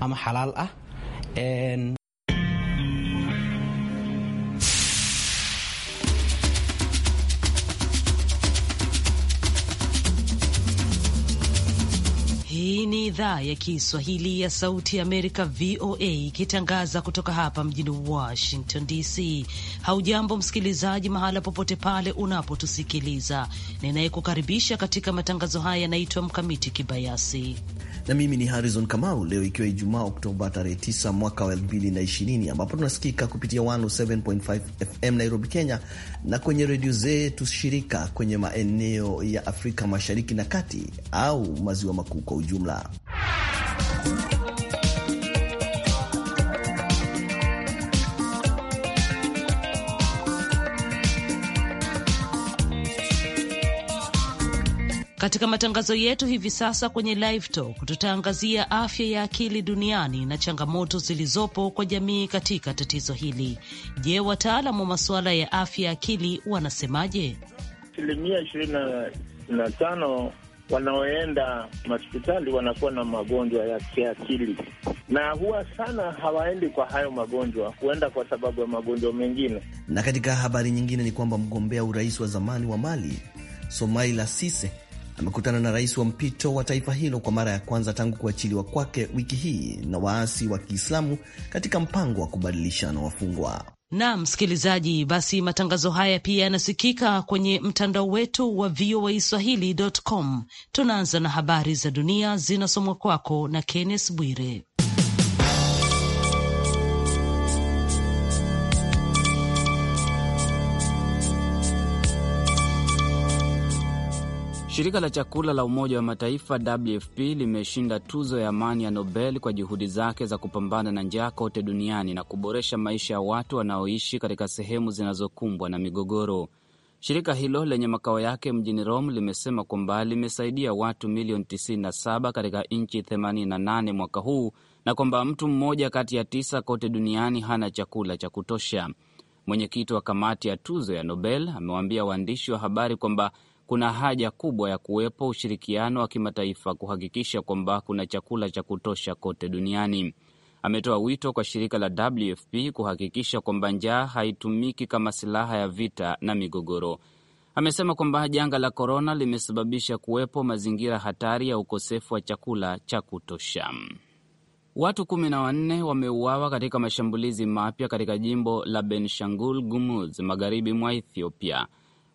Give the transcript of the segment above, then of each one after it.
ama xalaal ah en... Hii ni idhaa ya Kiswahili ya Sauti ya Amerika, VOA, ikitangaza kutoka hapa mjini Washington DC. Haujambo msikilizaji, mahala popote pale unapotusikiliza. Ninayekukaribisha katika matangazo haya yanaitwa Mkamiti Kibayasi na mimi ni Harrison Kamau. Leo ikiwa Ijumaa, Oktoba tarehe 9 mwaka wa 2020, ambapo tunasikika kupitia 107.5 FM Nairobi, Kenya, na kwenye redio zetu shirika kwenye maeneo ya Afrika mashariki na kati au maziwa makuu kwa ujumla Katika matangazo yetu hivi sasa kwenye Live Talk tutaangazia afya ya akili duniani na changamoto zilizopo kwa jamii katika tatizo hili. Je, wataalam wa masuala ya afya ya akili wanasemaje? Asilimia ishirini na tano wanaoenda mahospitali wanakuwa na magonjwa ya kiakili, na huwa sana hawaendi kwa hayo magonjwa, huenda kwa sababu ya magonjwa mengine. Na katika habari nyingine ni kwamba mgombea urais wa zamani wa Mali Somaila Sise amekutana na rais wa mpito wa taifa hilo kwa mara ya kwanza tangu kuachiliwa kwake wiki hii na waasi wa Kiislamu katika mpango wa kubadilishana wafungwa. Na msikilizaji, basi matangazo haya pia yanasikika kwenye mtandao wetu wa VOA Swahili.com. Tunaanza na habari za dunia zinasomwa kwako na Kenneth Bwire. Shirika la chakula la Umoja wa Mataifa WFP limeshinda tuzo ya amani ya Nobel kwa juhudi zake za kupambana na njaa kote duniani na kuboresha maisha ya watu wanaoishi katika sehemu zinazokumbwa na migogoro. Shirika hilo lenye makao yake mjini Rome limesema kwamba limesaidia watu milioni 97 katika nchi 88 mwaka huu na kwamba mtu mmoja kati ya tisa kote duniani hana chakula cha kutosha. Mwenyekiti wa kamati ya tuzo ya Nobel amewaambia waandishi wa habari kwamba kuna haja kubwa ya kuwepo ushirikiano wa kimataifa kuhakikisha kwamba kuna chakula cha kutosha kote duniani. Ametoa wito kwa shirika la WFP kuhakikisha kwamba njaa haitumiki kama silaha ya vita na migogoro. Amesema kwamba janga la korona limesababisha kuwepo mazingira hatari ya ukosefu wa chakula cha kutosha. Watu kumi na wanne wameuawa katika mashambulizi mapya katika jimbo la Benshangul Gumuz, magharibi mwa Ethiopia.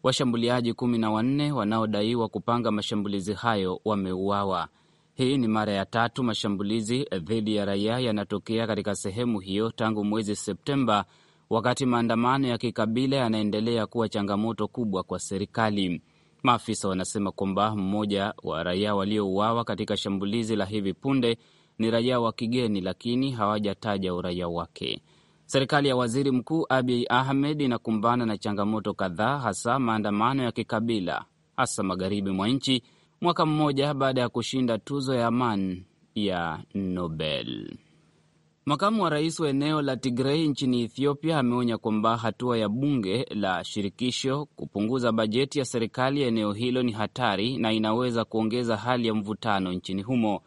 Washambuliaji kumi na wanne wanaodaiwa kupanga mashambulizi hayo wameuawa. Hii ni mara ya tatu mashambulizi eh, dhidi ya raia yanatokea katika sehemu hiyo tangu mwezi Septemba, wakati maandamano ya kikabila yanaendelea kuwa changamoto kubwa kwa serikali. Maafisa wanasema kwamba mmoja wa raia waliouawa katika shambulizi la hivi punde ni raia wa kigeni, lakini hawajataja uraia wake. Serikali ya waziri mkuu Abiy Ahmed inakumbana na changamoto kadhaa, hasa maandamano ya kikabila, hasa magharibi mwa nchi, mwaka mmoja baada ya kushinda tuzo ya amani ya Nobel. Makamu wa rais wa eneo la Tigrei nchini Ethiopia ameonya kwamba hatua ya bunge la shirikisho kupunguza bajeti ya serikali ya eneo hilo ni hatari na inaweza kuongeza hali ya mvutano nchini humo.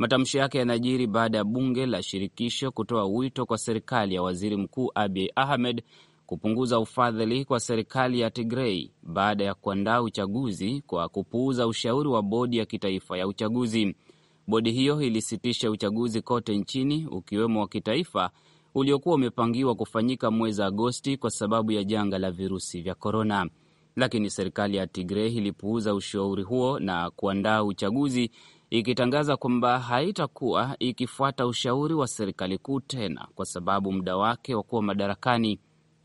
Matamshi yake yanajiri baada ya bunge la shirikisho kutoa wito kwa serikali ya waziri mkuu Abiy Ahmed kupunguza ufadhili kwa serikali ya Tigrei baada ya kuandaa uchaguzi kwa kupuuza ushauri wa bodi ya kitaifa ya uchaguzi. Bodi hiyo ilisitisha uchaguzi kote nchini ukiwemo wa kitaifa uliokuwa umepangiwa kufanyika mwezi Agosti kwa sababu ya janga la virusi vya korona, lakini serikali ya Tigrei ilipuuza ushauri huo na kuandaa uchaguzi ikitangaza kwamba haitakuwa ikifuata ushauri wa serikali kuu tena kwa sababu muda wake wa kuwa madarakani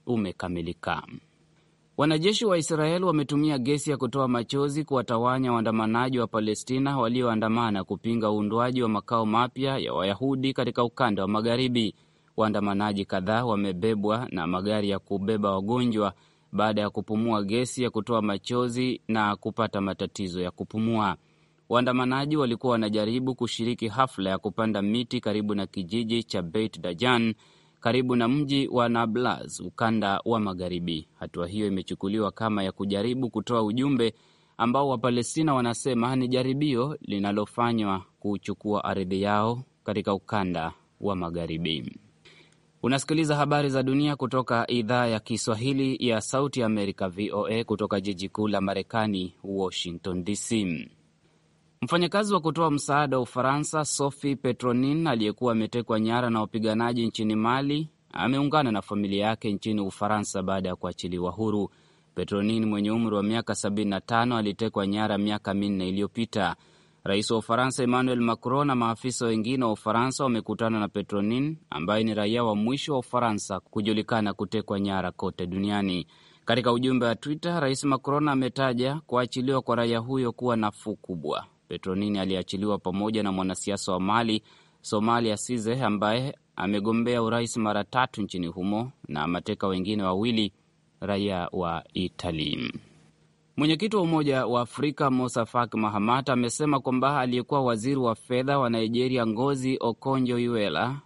umekamilika. Wanajeshi wa Israeli wametumia gesi ya kutoa machozi kuwatawanya waandamanaji wa Palestina walioandamana kupinga uundwaji wa makao mapya ya Wayahudi katika ukanda wa Magharibi. Waandamanaji kadhaa wamebebwa na magari ya kubeba wagonjwa baada ya kupumua gesi ya kutoa machozi na kupata matatizo ya kupumua. Waandamanaji walikuwa wanajaribu kushiriki hafla ya kupanda miti karibu na kijiji cha Beit Dajan karibu na mji wa Nablus, ukanda wa magharibi. Hatua hiyo imechukuliwa kama ya kujaribu kutoa ujumbe ambao Wapalestina wanasema ni jaribio linalofanywa kuchukua ardhi yao katika ukanda wa magharibi. Unasikiliza habari za dunia kutoka idhaa ya Kiswahili ya Sauti ya Amerika, VOA, kutoka jiji kuu la Marekani, Washington DC. Mfanyakazi wa kutoa msaada wa Ufaransa Sophie Petronin aliyekuwa ametekwa nyara na wapiganaji nchini Mali ameungana na familia yake nchini Ufaransa baada ya kuachiliwa huru. Petronin mwenye umri wa miaka 75 alitekwa nyara miaka minne iliyopita. Rais wa Ufaransa Emmanuel Macron na maafisa wengine wa Ufaransa wamekutana na Petronin ambaye ni raia wa mwisho wa Ufaransa kujulikana kutekwa nyara kote duniani. Katika ujumbe wa Twitter, Rais Macron ametaja kuachiliwa kwa raia huyo kuwa nafuu kubwa. Petronini aliachiliwa pamoja na mwanasiasa wa Mali Somalia Size ambaye amegombea urais mara tatu nchini humo na mateka wengine wawili raia wa Itali. Mwenyekiti wa Umoja wa Afrika Musa Faki Mahamat amesema kwamba aliyekuwa waziri wa fedha wa Nigeria Ngozi Okonjo Iweala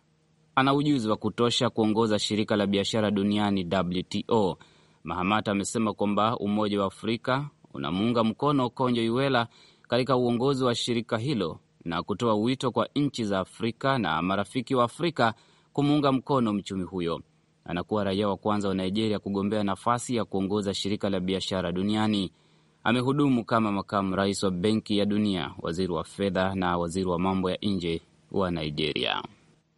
ana ujuzi wa kutosha kuongoza shirika la biashara duniani WTO. Mahamat amesema kwamba Umoja wa Afrika unamuunga mkono Okonjo Iweala katika uongozi wa shirika hilo na kutoa wito kwa nchi za Afrika na marafiki wa Afrika kumuunga mkono mchumi huyo. Anakuwa raia wa kwanza wa Nigeria kugombea nafasi ya kuongoza shirika la biashara duniani. Amehudumu kama makamu rais wa Benki ya Dunia, waziri wa fedha na waziri wa mambo ya nje wa Nigeria.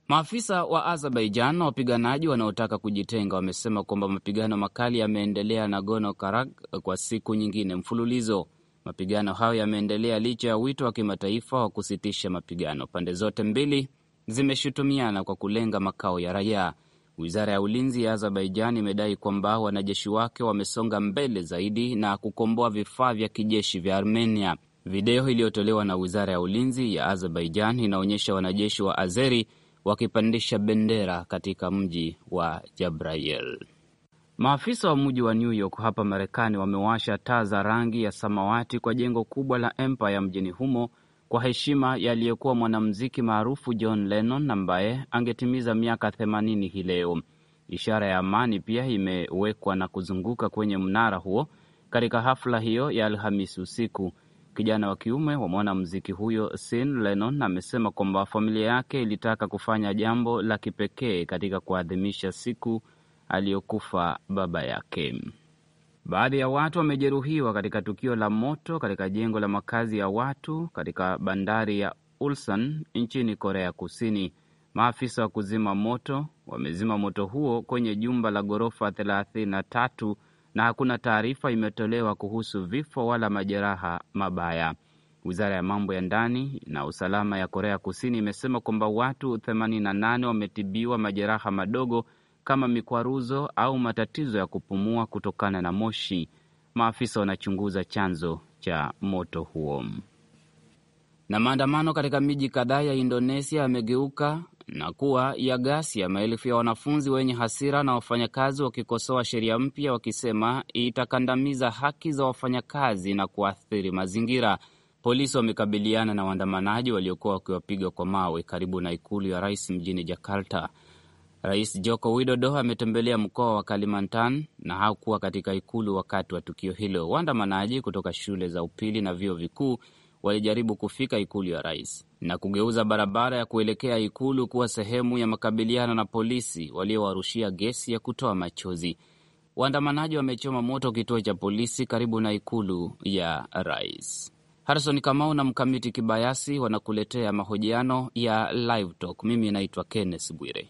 Maafisa wa Azerbaijan na wapiganaji wanaotaka kujitenga wamesema kwamba mapigano makali yameendelea Nagorno Karabakh kwa siku nyingine mfululizo. Mapigano hayo yameendelea licha ya wito wa kimataifa wa kusitisha mapigano. Pande zote mbili zimeshutumiana kwa kulenga makao ya raia. Wizara ya ulinzi ya Azerbaijan imedai kwamba wanajeshi wake wamesonga mbele zaidi na kukomboa vifaa vya kijeshi vya Armenia. Video iliyotolewa na wizara ya ulinzi ya Azerbaijan inaonyesha wanajeshi wa Azeri wakipandisha bendera katika mji wa Jabrayel. Maafisa wa mji wa New York hapa Marekani wamewasha taa za rangi ya samawati kwa jengo kubwa la Empire mjini humo kwa heshima ya aliyekuwa mwanamuziki maarufu John Lennon ambaye angetimiza miaka 80 hii leo. Ishara ya amani pia imewekwa na kuzunguka kwenye mnara huo katika hafla hiyo ya Alhamisi usiku. Kijana wa kiume wa mwanamuziki huyo Sean Lennon amesema kwamba familia yake ilitaka kufanya jambo la kipekee katika kuadhimisha siku aliyokufa baba yake. Baadhi ya watu wamejeruhiwa katika tukio la moto katika jengo la makazi ya watu katika bandari ya Ulsan nchini Korea Kusini. Maafisa wa kuzima moto wamezima moto huo kwenye jumba la ghorofa 33 na hakuna taarifa imetolewa kuhusu vifo wala majeraha mabaya. Wizara ya mambo ya ndani na usalama ya Korea Kusini imesema kwamba watu 88 wametibiwa majeraha madogo kama mikwaruzo au matatizo ya kupumua kutokana na moshi. Maafisa wanachunguza chanzo cha moto huo. Na maandamano katika miji kadhaa ya Indonesia yamegeuka na kuwa ya ghasia, maelfu ya wanafunzi wenye hasira na wafanyakazi wakikosoa sheria mpya, wakisema itakandamiza haki za wafanyakazi na kuathiri mazingira. Polisi wamekabiliana na waandamanaji waliokuwa wakiwapiga kwa mawe karibu na ikulu ya rais mjini Jakarta. Rais Joko Widodo ametembelea mkoa wa Kalimantan na hakuwa katika ikulu wakati wa tukio hilo. Waandamanaji kutoka shule za upili na vyuo vikuu walijaribu kufika ikulu ya rais na kugeuza barabara ya kuelekea ikulu kuwa sehemu ya makabiliano na polisi waliowarushia gesi ya kutoa machozi. Waandamanaji wamechoma moto kituo cha polisi karibu na ikulu ya rais. Harison Kamau na Mkamiti Kibayasi wanakuletea mahojiano ya Live Talk. Mimi naitwa Kenneth Bwire.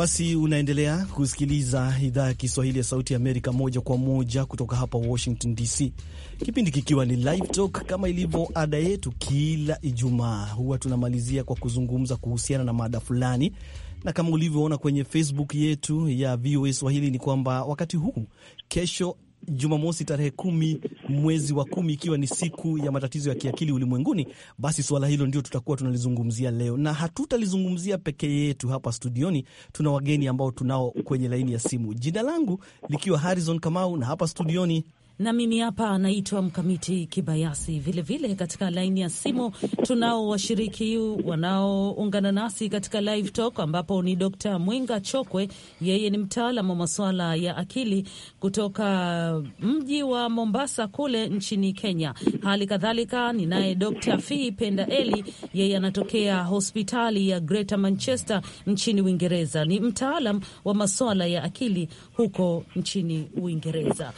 Basi unaendelea kusikiliza idhaa ya Kiswahili ya Sauti ya Amerika moja kwa moja kutoka hapa Washington DC, kipindi kikiwa ni Live Talk. Kama ilivyo ada yetu, kila Ijumaa huwa tunamalizia kwa kuzungumza kuhusiana na mada fulani, na kama ulivyoona kwenye Facebook yetu ya VOA Swahili ni kwamba wakati huu kesho Jumamosi tarehe kumi mwezi wa kumi ikiwa ni siku ya matatizo ya kiakili ulimwenguni, basi suala hilo ndio tutakuwa tunalizungumzia leo, na hatutalizungumzia peke yetu hapa studioni. Tuna wageni ambao tunao kwenye laini ya simu, jina langu likiwa Harrison Kamau, na hapa studioni na mimi hapa naitwa Mkamiti Kibayasi. Vilevile vile katika laini ya simu tunao washiriki wanaoungana nasi katika live talk, ambapo ni Dr. Mwinga Chokwe, yeye ni mtaalam wa masuala ya akili kutoka mji wa Mombasa kule nchini Kenya. Hali kadhalika ninaye Dr. Fee Penda Eli, yeye anatokea hospitali ya Greater Manchester nchini Uingereza, ni mtaalam wa masuala ya akili huko nchini Uingereza.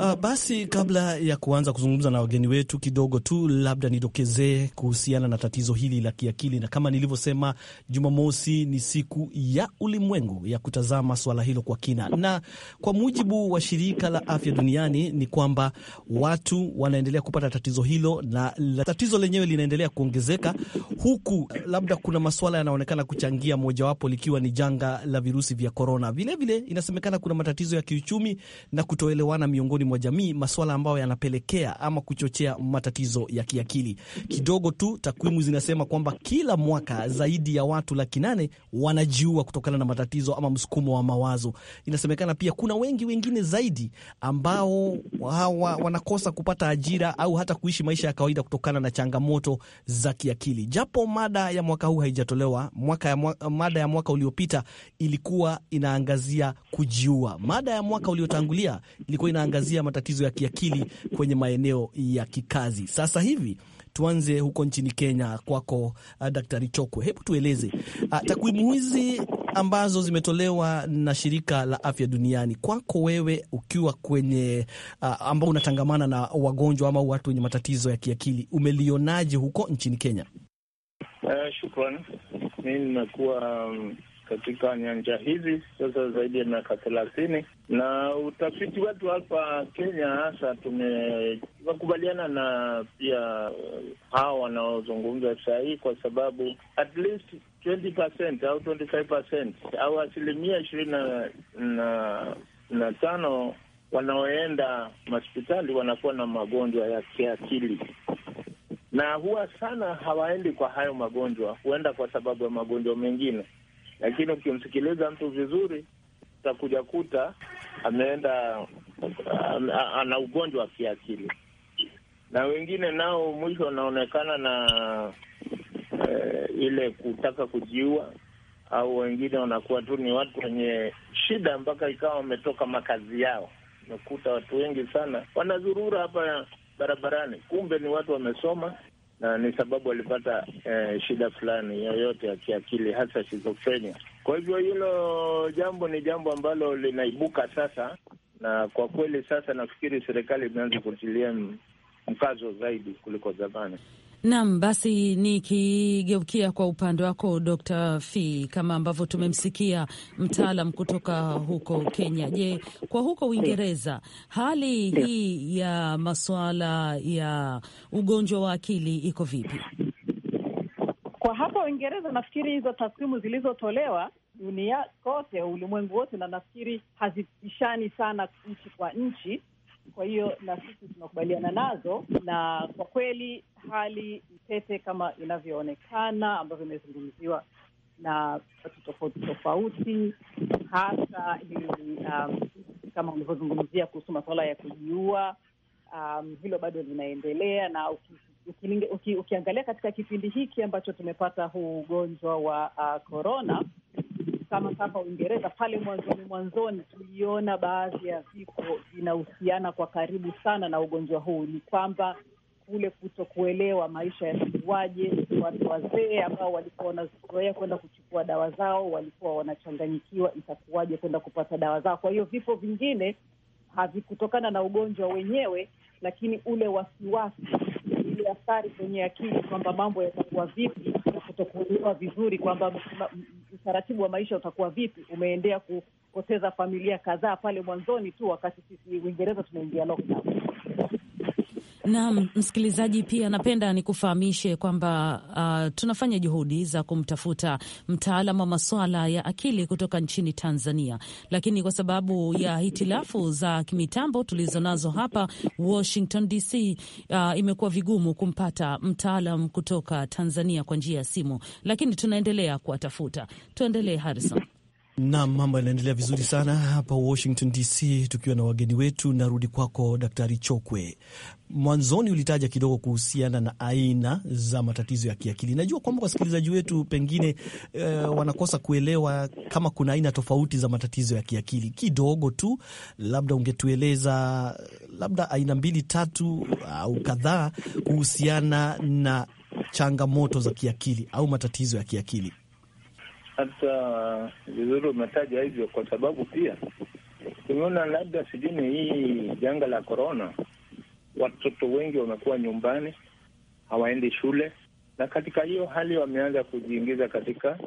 Uh, basi kabla ya kuanza kuzungumza na wageni wetu kidogo tu, labda nidokezee kuhusiana na tatizo hili la kiakili, na kama nilivyosema, Jumamosi ni siku ya ulimwengu ya kutazama swala hilo kwa kina, na kwa mujibu wa shirika la afya duniani ni kwamba watu wanaendelea kupata tatizo hilo na tatizo lenyewe linaendelea kuongezeka, huku labda kuna masuala yanaonekana kuchangia, mojawapo likiwa ni janga la virusi vya korona. Vilevile inasemekana kuna matatizo ya kiuchumi na kutoelewana miongoni mwa jamii, maswala ambayo yanapelekea ama kuchochea matatizo ya kiakili. Kidogo tu takwimu zinasema kwamba kila mwaka zaidi ya watu laki nane wanajiua kutokana na matatizo ama msukumo wa mawazo. Inasemekana pia kuna wengi wengine zaidi ambao hawa wanakosa kupata ajira au hata kuishi maisha ya kawaida kutokana na changamoto za kiakili. Japo mada ya mwaka huu haijatolewa, mwaka ya mwa, mada ya mwaka uliopita ilikuwa inaangazia kujiua. Mada ya mwaka uliotangulia ilikuwa inaangazia kuangazia matatizo ya kiakili kwenye maeneo ya kikazi. Sasa hivi tuanze huko nchini Kenya kwako, uh, Daktari Chokwe, hebu tueleze uh, takwimu hizi ambazo zimetolewa na shirika la afya duniani, kwako wewe ukiwa kwenye uh, ambao unatangamana na wagonjwa ama watu wenye matatizo ya kiakili, umelionaje huko nchini Kenya? Uh, eh, shukran. Mi nimekuwa um, katika nyanja hizi sasa zaidi ya miaka thelathini, na utafiti wetu hapa Kenya hasa tumekubaliana na pia hawa wanaozungumza sahii, kwa sababu at least 20% au 25% au asilimia ishirini na na tano wanaoenda mahospitali wanakuwa na magonjwa ya kiakili na huwa sana hawaendi kwa hayo magonjwa, huenda kwa sababu ya magonjwa mengine lakini ukimsikiliza mtu vizuri utakuja kuta ameenda ana ugonjwa wa kiakili, na wengine nao mwisho wanaonekana na eh, ile kutaka kujiua, au wengine wanakuwa tu ni watu wenye shida mpaka ikawa wametoka makazi yao. Umekuta watu wengi sana wanazurura hapa barabarani, kumbe ni watu wamesoma na ni sababu alipata eh, shida fulani yoyote ya kiakili hasa shizofrenia. Kwa hivyo hilo jambo ni jambo ambalo linaibuka sasa, na kwa kweli sasa nafikiri serikali imeanza kutilia mkazo zaidi kuliko zamani. Nam, basi nikigeukia kwa upande wako Dr. Fee, kama ambavyo tumemsikia mtaalam kutoka huko Kenya. Je, kwa huko Uingereza hali hii ya masuala ya ugonjwa wa akili iko vipi? Kwa hapa Uingereza nafikiri hizo takwimu zilizotolewa dunia kote, ulimwengu wote, na nafikiri hazipishani sana nchi kwa nchi, kwa hiyo na sisi tunakubaliana nazo, na kwa kweli hali mtete kama inavyoonekana ambavyo imezungumziwa na watu tofauti tofauti, hasa hili um, kama ulivyozungumzia kuhusu masuala ya kujiua um, hilo bado linaendelea, na uki, uki, uki, ukiangalia katika kipindi hiki ambacho tumepata huu ugonjwa wa korona uh, kama sasa Uingereza pale mwanzoni mwanzoni tuliona baadhi ya vifo vinahusiana kwa karibu sana na ugonjwa huu. Ni kwamba kule kutokuelewa maisha yatakuwaje, watu wazee ambao walikuwa wanazoea kwenda kuchukua dawa zao walikuwa wanachanganyikiwa, itakuwaje kwenda kupata dawa zao. Kwa hiyo vifo vingine havikutokana na ugonjwa wenyewe, lakini ule wasiwasi, ile athari kwenye akili kwamba mambo yatakuwa vipi na kutokuelewa vizuri kwamba utaratibu wa maisha utakuwa vipi, umeendea kupoteza familia kadhaa pale mwanzoni tu, wakati sisi Uingereza tunaingia lockdown. Naam, msikilizaji, pia napenda nikufahamishe kwamba uh, tunafanya juhudi za kumtafuta mtaalam wa masuala ya akili kutoka nchini Tanzania, lakini kwa sababu ya hitilafu za kimitambo tulizonazo hapa Washington DC, uh, imekuwa vigumu kumpata mtaalam kutoka Tanzania kwa njia ya simu, lakini tunaendelea kuwatafuta. Tuendelee, Harrison. Naam, mambo yanaendelea vizuri sana hapa Washington DC, tukiwa na wageni wetu. Narudi kwako Daktari Chokwe. Mwanzoni ulitaja kidogo kuhusiana na aina za matatizo ya kiakili. Najua kwamba wasikilizaji wetu pengine eh, wanakosa kuelewa kama kuna aina tofauti za matatizo ya kiakili. Kidogo tu labda ungetueleza labda aina mbili tatu au kadhaa kuhusiana na changamoto za kiakili au matatizo ya kiakili. Hata vizuri uh, umetaja hivyo, kwa sababu pia tumeona labda sijui ni hii janga la korona, watoto wengi wamekuwa nyumbani, hawaendi shule, na katika hiyo hali wameanza kujiingiza katika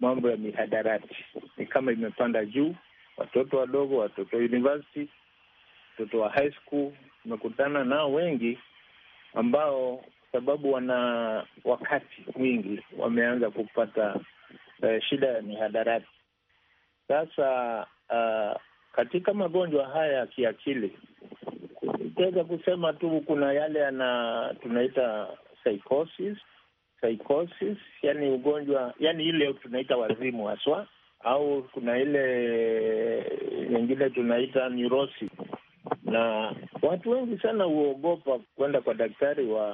mambo ya mihadarati. Ni kama imepanda juu, watoto wadogo, watoto wa university, watoto wa high school. umekutana nao wengi ambao, sababu wana wakati mwingi, wameanza kupata eh, shida ya mihadarati. Sasa uh, katika magonjwa haya ya kiakili utaweza kusema tu kuna yale yana tunaita psychosis, psychosis yani ugonjwa yani ile tunaita wazimu haswa, au kuna ile nyingine tunaita neurosis na watu wengi sana huogopa kwenda kwa daktari wa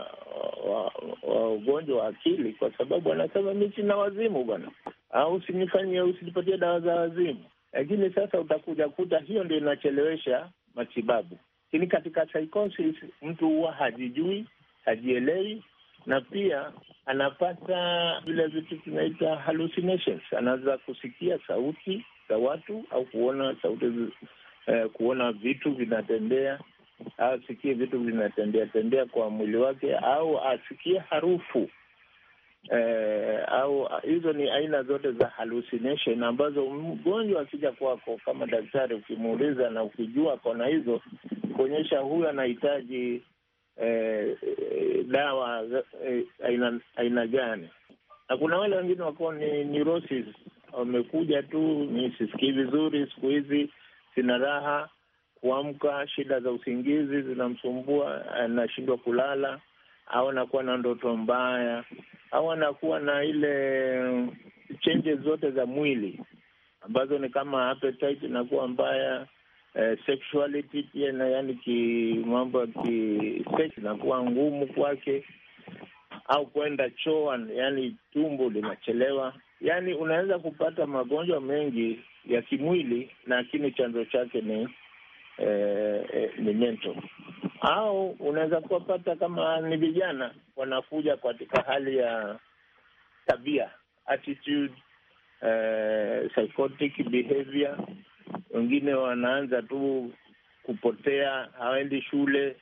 wa, wa ugonjwa wa akili, kwa sababu anasema mi sina wazimu bwana, au usinifanyie, usinipatie dawa za wazimu. Lakini sasa utakuja kuta hiyo ndio inachelewesha matibabu. Lakini katika psychosis mtu huwa hajijui, hajielewi na pia anapata vile vitu tunaita hallucinations. Anaweza kusikia sauti za watu au kuona sauti eh, kuona vitu vinatembea, asikie vitu vinatembea tembea kwa mwili wake, au asikie harufu eh, au hizo ni aina zote za hallucination ambazo mgonjwa akija kwako kama daktari, ukimuuliza na ukijua kona hizo, kuonyesha huyu anahitaji eh, dawa eh, aina aina gani. Na kuna wale wengine wako ni neurosis, wamekuja tu, nisisikii sisikii vizuri siku hizi sina raha kuamka, shida za usingizi zinamsumbua, anashindwa kulala, au anakuwa na ndoto mbaya, au anakuwa na ile changes zote za mwili ambazo ni kama appetite inakuwa mbaya, eh, sexuality pia na yani ki mambo ya inakuwa ngumu kwake, au kwenda choo, yani tumbo linachelewa yani unaweza kupata magonjwa mengi ya kimwili, lakini chanzo chake ni eh, eh, ni mento, au unaweza kuwapata kama ni vijana wanakuja katika hali ya tabia attitude, eh, psychotic behavior. Wengine wanaanza tu kupotea, hawaendi shule,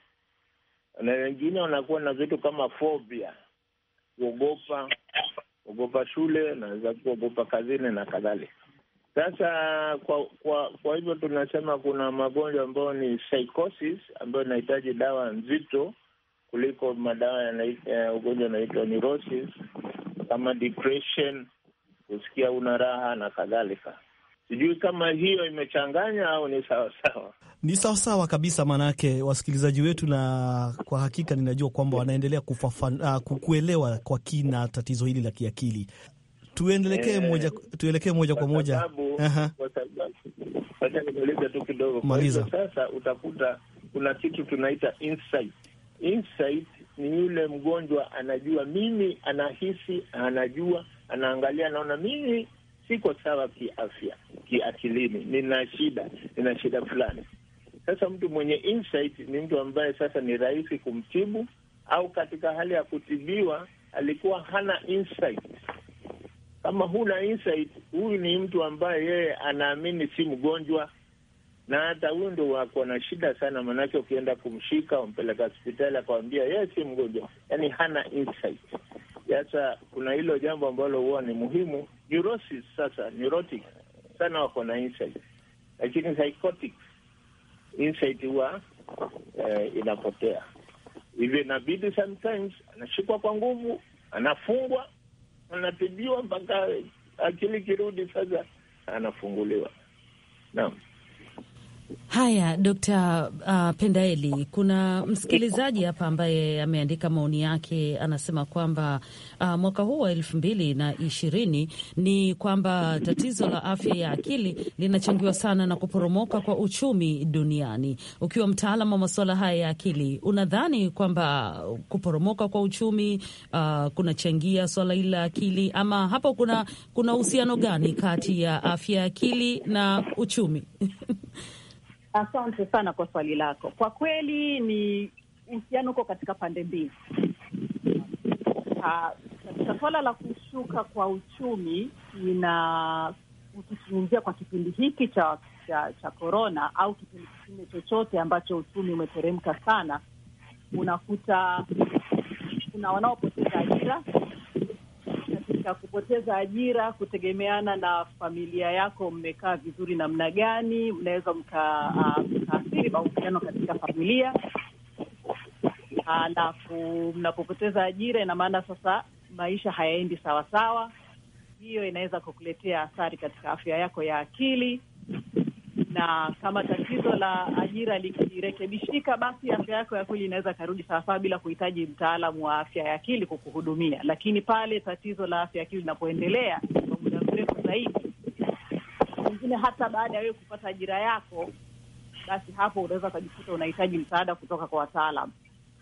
na wengine wanakuwa na vitu kama phobia, kuogopa ogopa shule, naweza kuogopa kazini na kadhalika. Sasa kwa kwa kwa hivyo tunasema kuna magonjwa ambayo ni psychosis ambayo inahitaji dawa nzito kuliko madawa ya eh, ugonjwa unaitwa neurosis kama depression, kusikia una raha na kadhalika. Sijui kama hiyo imechanganya au ni sawasawa. Ni sawasawa kabisa, maanake wasikilizaji wetu, na kwa hakika ninajua kwamba wanaendelea kufafan, uh, kuelewa kwa kina tatizo hili la kiakili. Tuelekee eh, moja, tuelekee moja kwa moja. Wacha Sasa utakuta kuna kitu tunaita insight. Insight ni yule mgonjwa anajua, mimi anahisi, anajua, anaangalia, anaona mimi siko sawa kiafya, kiakilini, nina shida, nina shida fulani. Sasa mtu mwenye insight ni mtu ambaye sasa ni rahisi kumtibu, au katika hali ya kutibiwa alikuwa hana insight. Kama huna insight, huyu ni mtu ambaye yeye anaamini si mgonjwa, na hata huyu ndo wako na shida sana, maanake ukienda kumshika umpeleka hospitali akawambia yeye si mgonjwa, yani hana insight. Sasa kuna hilo jambo ambalo huwa ni muhimu. Neurosis sasa, neurotic sana wako na insight, lakini psychotic insight huwa eh, inapotea. Hivyo inabidi sometimes anashikwa kwa nguvu, anafungwa, anatibiwa mpaka akili kirudi, sasa anafunguliwa. Naam. Haya, Dokta uh, Pendaeli, kuna msikilizaji hapa ambaye ameandika maoni yake, anasema kwamba uh, mwaka huu wa elfu mbili na ishirini ni kwamba tatizo la afya ya akili linachangiwa sana na kuporomoka kwa uchumi duniani. Ukiwa mtaalam wa masuala haya ya akili, unadhani kwamba kuporomoka kwa uchumi uh, kunachangia swala hili la akili, ama hapo kuna kuna uhusiano gani kati ya afya ya akili na uchumi? Asante sana kwa swali lako. Kwa kweli ni uhusiano uko katika pande mbili. Ah, katika suala la kushuka kwa uchumi, ina ukizungumzia kwa kipindi hiki cha cha cha korona au kipindi kingine chochote ambacho uchumi umeteremka sana, unakuta kuna wanaopoteza ajira, katika kupoteza ajira, kutegemeana na familia yako, mmekaa vizuri namna gani, mnaweza ah, mkaathiri uh, mahusiano katika familia. alafu mnapopoteza ajira, ina maana sasa maisha hayaendi sawasawa. Hiyo inaweza kukuletea athari katika afya yako ya akili na kama tatizo la ajira likirekebishika, basi afya yako ya akili inaweza karudi sawasawa bila kuhitaji mtaalamu wa afya ya akili kukuhudumia. Lakini pale tatizo la afya ya akili linapoendelea kwa muda mrefu zaidi, pengine hata baada ya wewe kupata ajira yako, basi hapo unaweza ukajikuta unahitaji msaada kutoka kwa wataalam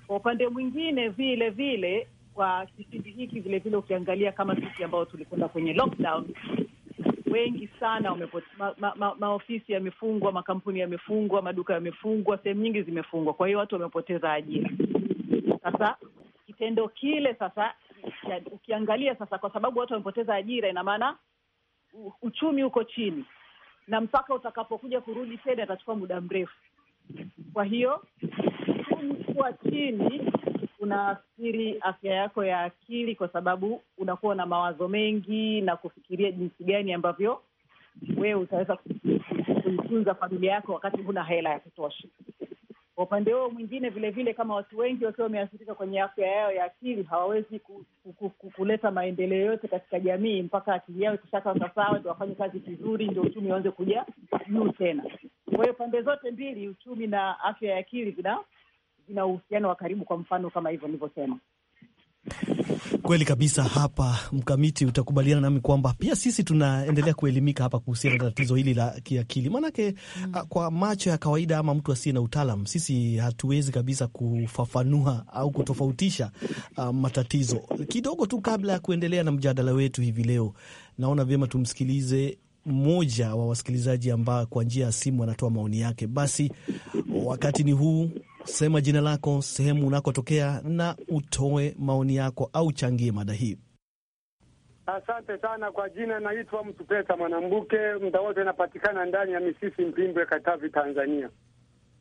Kwa upande mwingine, vile vile, kwa kipindi hiki vilevile, ukiangalia kama sisi ambao tulikwenda kwenye lockdown wengi sana Maofisi ma, ma, ma, maofisi yamefungwa, makampuni yamefungwa, maduka yamefungwa, sehemu nyingi zimefungwa. Kwa hiyo watu wamepoteza ajira. Sasa kitendo kile sasa ya, ukiangalia sasa, kwa sababu watu wamepoteza ajira, ina maana uchumi uko chini, na mpaka utakapokuja kurudi tena itachukua muda mrefu. Kwa hiyo uchumi kuwa chini unaathiri afya yako ya akili, kwa sababu unakuwa na mawazo mengi na kufikiria jinsi gani ambavyo wewe utaweza kuitunza familia yako wakati huna hela ya kutosha. Kwa upande huo mwingine, vilevile, kama watu wengi wakiwa wameathirika kwenye afya yao ya akili, hawawezi kuleta maendeleo yote katika jamii mpaka akili yao ikishaka sawa, ndo wafanye kazi vizuri, ndio uchumi uanze kuja juu tena. Kwa hiyo pande zote mbili, uchumi na afya ya akili, vina na uhusiano wa karibu, kwa mfano kama hivyo nilivyosema. Kweli kabisa. Hapa Mkamiti, utakubaliana nami kwamba pia sisi tunaendelea kuelimika hapa kuhusiana na tatizo hili la kiakili, maanake mm, ah, kwa macho ya kawaida ama mtu asiye na utaalam, sisi hatuwezi kabisa kufafanua au kutofautisha uh, matatizo. Kidogo tu kabla ya kuendelea na mjadala wetu hivi leo, naona vyema tumsikilize mmoja wa wasikilizaji ambao kwa njia ya simu anatoa maoni yake. Basi wakati ni huu Sema jina lako, sehemu unakotokea na utoe maoni yako au changie mada hii. Asante sana kwa jina, naitwa Mtupesa Mwanambuke, mda wote anapatikana ndani ya Misisi, Mpimbwe, Katavi, Tanzania.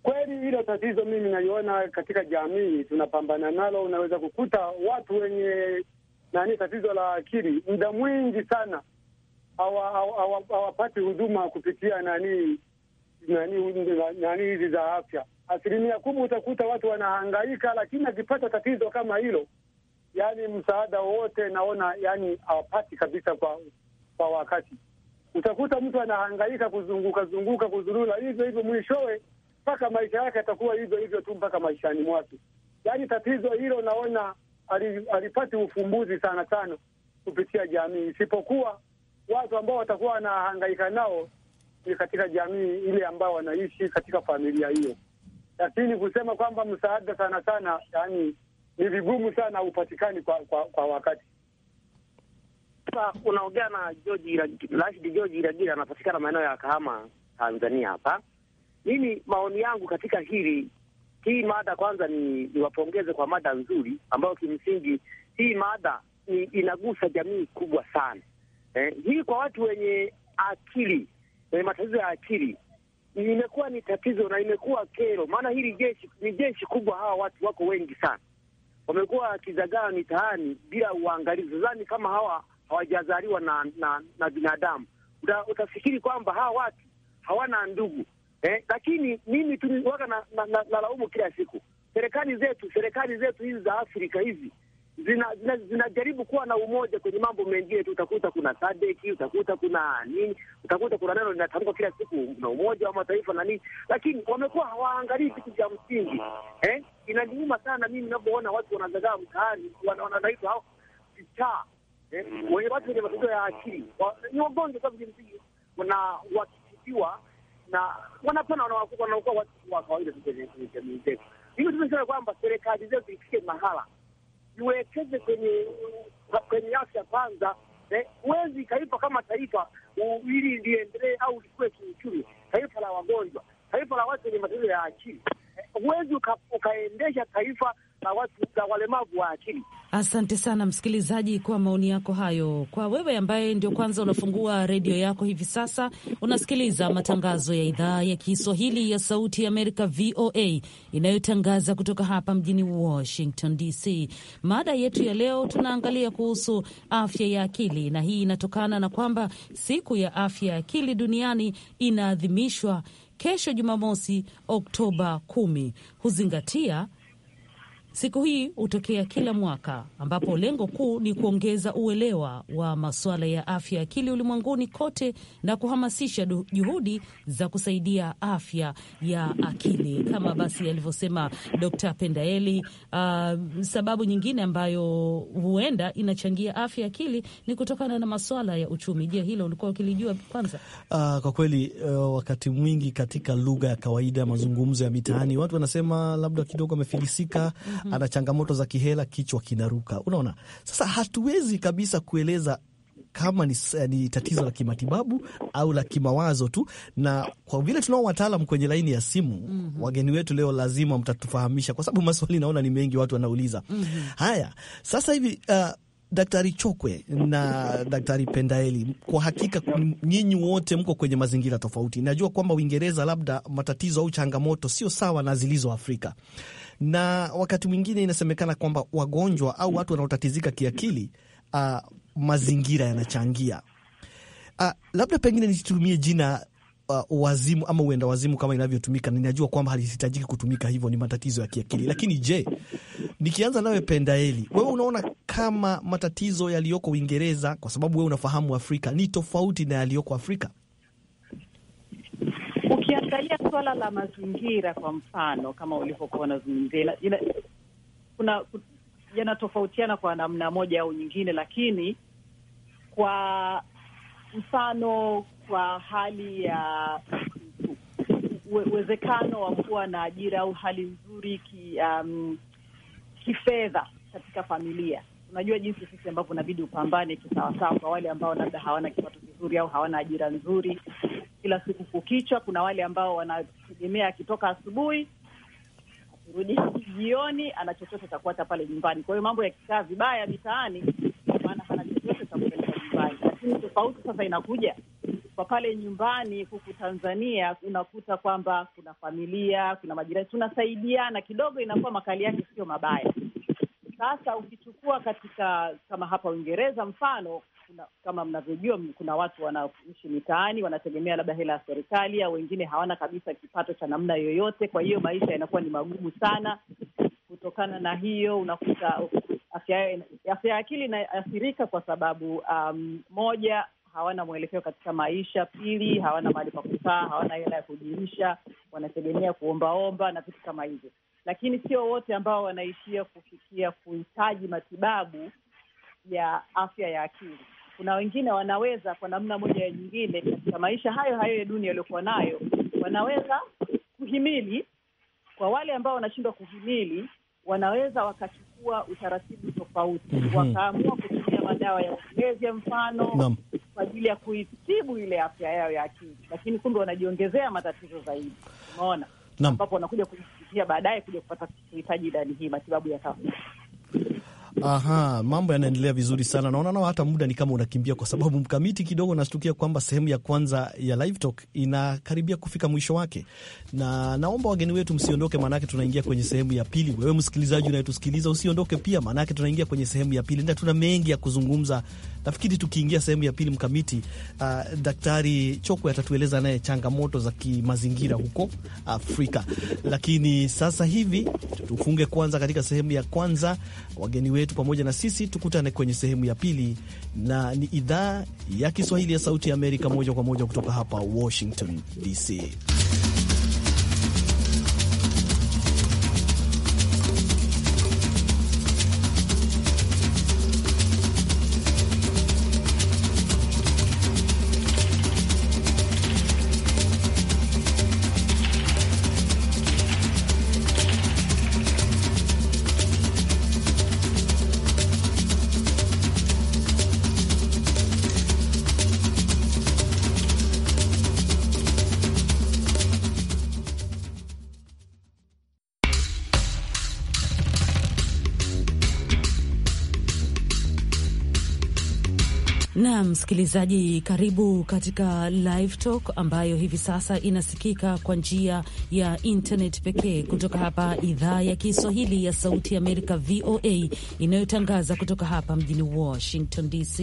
Kweli hilo tatizo mimi naliona katika jamii tunapambana nalo. Unaweza kukuta watu wenye nani tatizo la akili, muda mwingi sana hawapati huduma kupitia nani nani nani hizi za afya asilimia kubwa utakuta watu wanahangaika, lakini akipata tatizo kama hilo, yani msaada wowote naona yani hawapati kabisa kwa, kwa wakati. Utakuta mtu anahangaika kuzunguka zunguka kuzurura hivyo hivyo, mwishowe mpaka maisha yake atakuwa hivyo hivyo tu mpaka maishani mwake. Yani tatizo hilo naona alipati ufumbuzi sana sana kupitia jamii, isipokuwa watu ambao watakuwa wanahangaika nao ni katika jamii ile ambayo wanaishi katika familia hiyo lakini kusema kwamba msaada sana sana, yani ni vigumu sana upatikani kwa, kwa, kwa wakati Unaongea na Rashid George Iragira, anapatikana maeneo ya Kahama, Tanzania. Hapa mimi maoni yangu katika hili hii mada kwanza ni niwapongeze kwa mada nzuri ambayo kimsingi hii mada ni, inagusa jamii kubwa sana eh, hii kwa watu wenye akili wenye matatizo ya akili imekuwa ni tatizo na imekuwa kero, maana hili jeshi ni jeshi kubwa. Hawa watu wako wengi sana, wamekuwa wakizagaa mitaani bila uangalizi. Zani kama hawa hawajazaliwa na, na na binadamu, uta, utafikiri kwamba hawa watu hawana ndugu eh, lakini mimi tu waka na, na, na, na laumu kila siku serikali zetu serikali zetu hizi za Afrika hizi zinajaribu zina, zina kuwa na umoja kwenye mambo mengine tu. Utakuta kuna sadeki, utakuta kuna nini, utakuta kuna neno linatamkwa kila siku na Umoja wa Mataifa na nini, lakini wamekuwa hawaangalii vitu vya msingi eh? Inaniuma sana mimi ninapoona watu wanazagaa mtaani, wanaitwa hao vichaa eh? wenye watu wenye matatizo ya akili ni wagonjwa kwa msingi, na wakitibiwa na wanapona wanaokuwa watu wa kawaida kwenye jamii zetu. Hiyo tumesema kwamba serikali zetu ifike mahala iwekeze kwenye kwenye afya kwanza. Eh, huwezi eh, taifa kama taifa ili liendelee au likuwe kiuchumi, taifa la wagonjwa, taifa la watu wenye matatizo ya akili huwezi uka, ukaendesha taifa la watu la walemavu wa akili. Asante sana msikilizaji kwa maoni yako hayo. Kwa wewe ambaye ndio kwanza unafungua redio yako hivi sasa, unasikiliza matangazo ya idhaa ya Kiswahili ya Sauti ya Amerika, VOA, inayotangaza kutoka hapa mjini Washington DC. Mada yetu ya leo tunaangalia kuhusu afya ya akili, na hii inatokana na kwamba siku ya afya ya akili duniani inaadhimishwa kesho Jumamosi Oktoba kumi huzingatia Siku hii hutokea kila mwaka ambapo lengo kuu ni kuongeza uelewa wa masuala ya afya ya akili ulimwenguni kote na kuhamasisha juhudi za kusaidia afya ya akili kama basi alivyosema Dkt. Pendaeli. Uh, sababu nyingine ambayo huenda inachangia afya akili ni kutokana na masuala ya uchumi. Je, hilo ulikuwa ukilijua kwanza? Uh, kwa kweli uh, wakati mwingi katika lugha ya kawaida mazungumzo ya mitaani watu wanasema labda kidogo amefilisika mhm mm -hmm. ana changamoto za kihela, kichwa kinaruka. Unaona, sasa hatuwezi kabisa kueleza kama ni, ni tatizo la kimatibabu au la kimawazo tu, na kwa vile tunao wataalam kwenye laini ya simu mm -hmm. wageni wetu leo lazima mtatufahamisha, kwa sababu maswali naona ni mengi, watu wanauliza mm -hmm. haya sasa hivi uh, Daktari Chokwe na Daktari Pendaeli, kwa hakika nyinyi wote mko kwenye mazingira tofauti. Najua kwamba Uingereza labda matatizo au changamoto sio sawa na zilizo Afrika, na wakati mwingine inasemekana kwamba wagonjwa au watu wanaotatizika kiakili, uh, mazingira yanachangia. Uh, labda pengine nitumie jina uh, wazimu ama uenda wazimu kama inavyotumika. Ninajua kwamba halihitajiki kutumika hivyo, ni matatizo ya kiakili. Lakini je, nikianza nawe Pendaeli, wewe unaona kama matatizo yaliyoko Uingereza, kwa sababu wewe unafahamu Afrika, ni tofauti na yaliyoko Afrika? ukiangalia suala la mazingira kwa mfano, kama ulivyokuwa unazungumzia, kuna yanatofautiana kwa namna moja au nyingine, lakini kwa mfano, kwa hali ya uwezekano wa kuwa na ajira au hali nzuri ki, um, kifedha katika familia unajua jinsi sisi ambavyo unabidi upambane kisawasawa, kwa wale ambao labda hawana kipato kizuri au hawana ajira nzuri kila siku kukichwa Kuna wale ambao wanategemea akitoka asubuhi akirudi jioni, ana chochote cha kuacha pale nyumbani. Kwa hiyo mambo yakikaa vibaya mitaani, maana hana chochote cha kupeleka nyumbani. Lakini tofauti sasa inakuja kwa pale nyumbani huku Tanzania, unakuta kwamba kuna familia, kuna majirani, tunasaidiana kidogo, inakuwa makali yake sio mabaya sasa ukichukua katika kama hapa Uingereza mfano, kuna, kama mnavyojua, kuna watu wanaishi mitaani wanategemea labda hela ya serikali, au wengine hawana kabisa kipato cha namna yoyote. Kwa hiyo maisha yanakuwa ni magumu sana. Kutokana na hiyo, unakuta afya ya akili inaathirika kwa sababu um, moja hawana mwelekeo katika maisha. Pili, hawana mahali pa kukaa, hawana hela ya kujirisha, wanategemea kuombaomba na vitu kama hivyo lakini sio wote ambao wanaishia kufikia kuhitaji matibabu ya afya ya akili. Kuna wengine wanaweza kwa namna moja ya nyingine, katika maisha hayo hayo ya duni yaliyokuwa nayo, wanaweza kuhimili. Kwa wale ambao wanashindwa kuhimili, wanaweza wakachukua utaratibu tofauti, mm -hmm. wakaamua kutumia madawa ya kulevya mfano no kwa ajili ya kuitibu ile afya yao ya akili, lakini kumbe wanajiongezea matatizo zaidi. Unaona, ambapo wanakuja pia baadaye kuja kupata kuhitaji ndani hii matibabu ya kawaida Aha, mambo yanaendelea vizuri sana. Naona nao hata muda ni kama unakimbia, kwa sababu mkamiti kidogo nashtukia kwamba sehemu ya kwanza ya Live Talk inakaribia kufika mwisho wake, na naomba wageni wetu msiondoke, maanake tunaingia kwenye sehemu ya pili. Wewe msikilizaji unayetusikiliza usiondoke pia, maanake tunaingia kwenye sehemu ya pili na tuna mengi ya kuzungumza. Nafikiri tukiingia sehemu ya pili mkamiti, uh, Daktari Chokwe atatueleza naye changamoto za kimazingira huko Afrika, lakini sasa hivi tufunge kwanza katika sehemu ya kwanza wageni wetu wetu pamoja na sisi. Tukutane kwenye sehemu ya pili, na ni idhaa ya Kiswahili ya Sauti ya Amerika, moja kwa moja kutoka hapa Washington DC. na msikilizaji, karibu katika Live Talk ambayo hivi sasa inasikika kwa njia ya internet pekee kutoka hapa idhaa ya Kiswahili ya Sauti Amerika, VOA, inayotangaza kutoka hapa mjini Washington DC.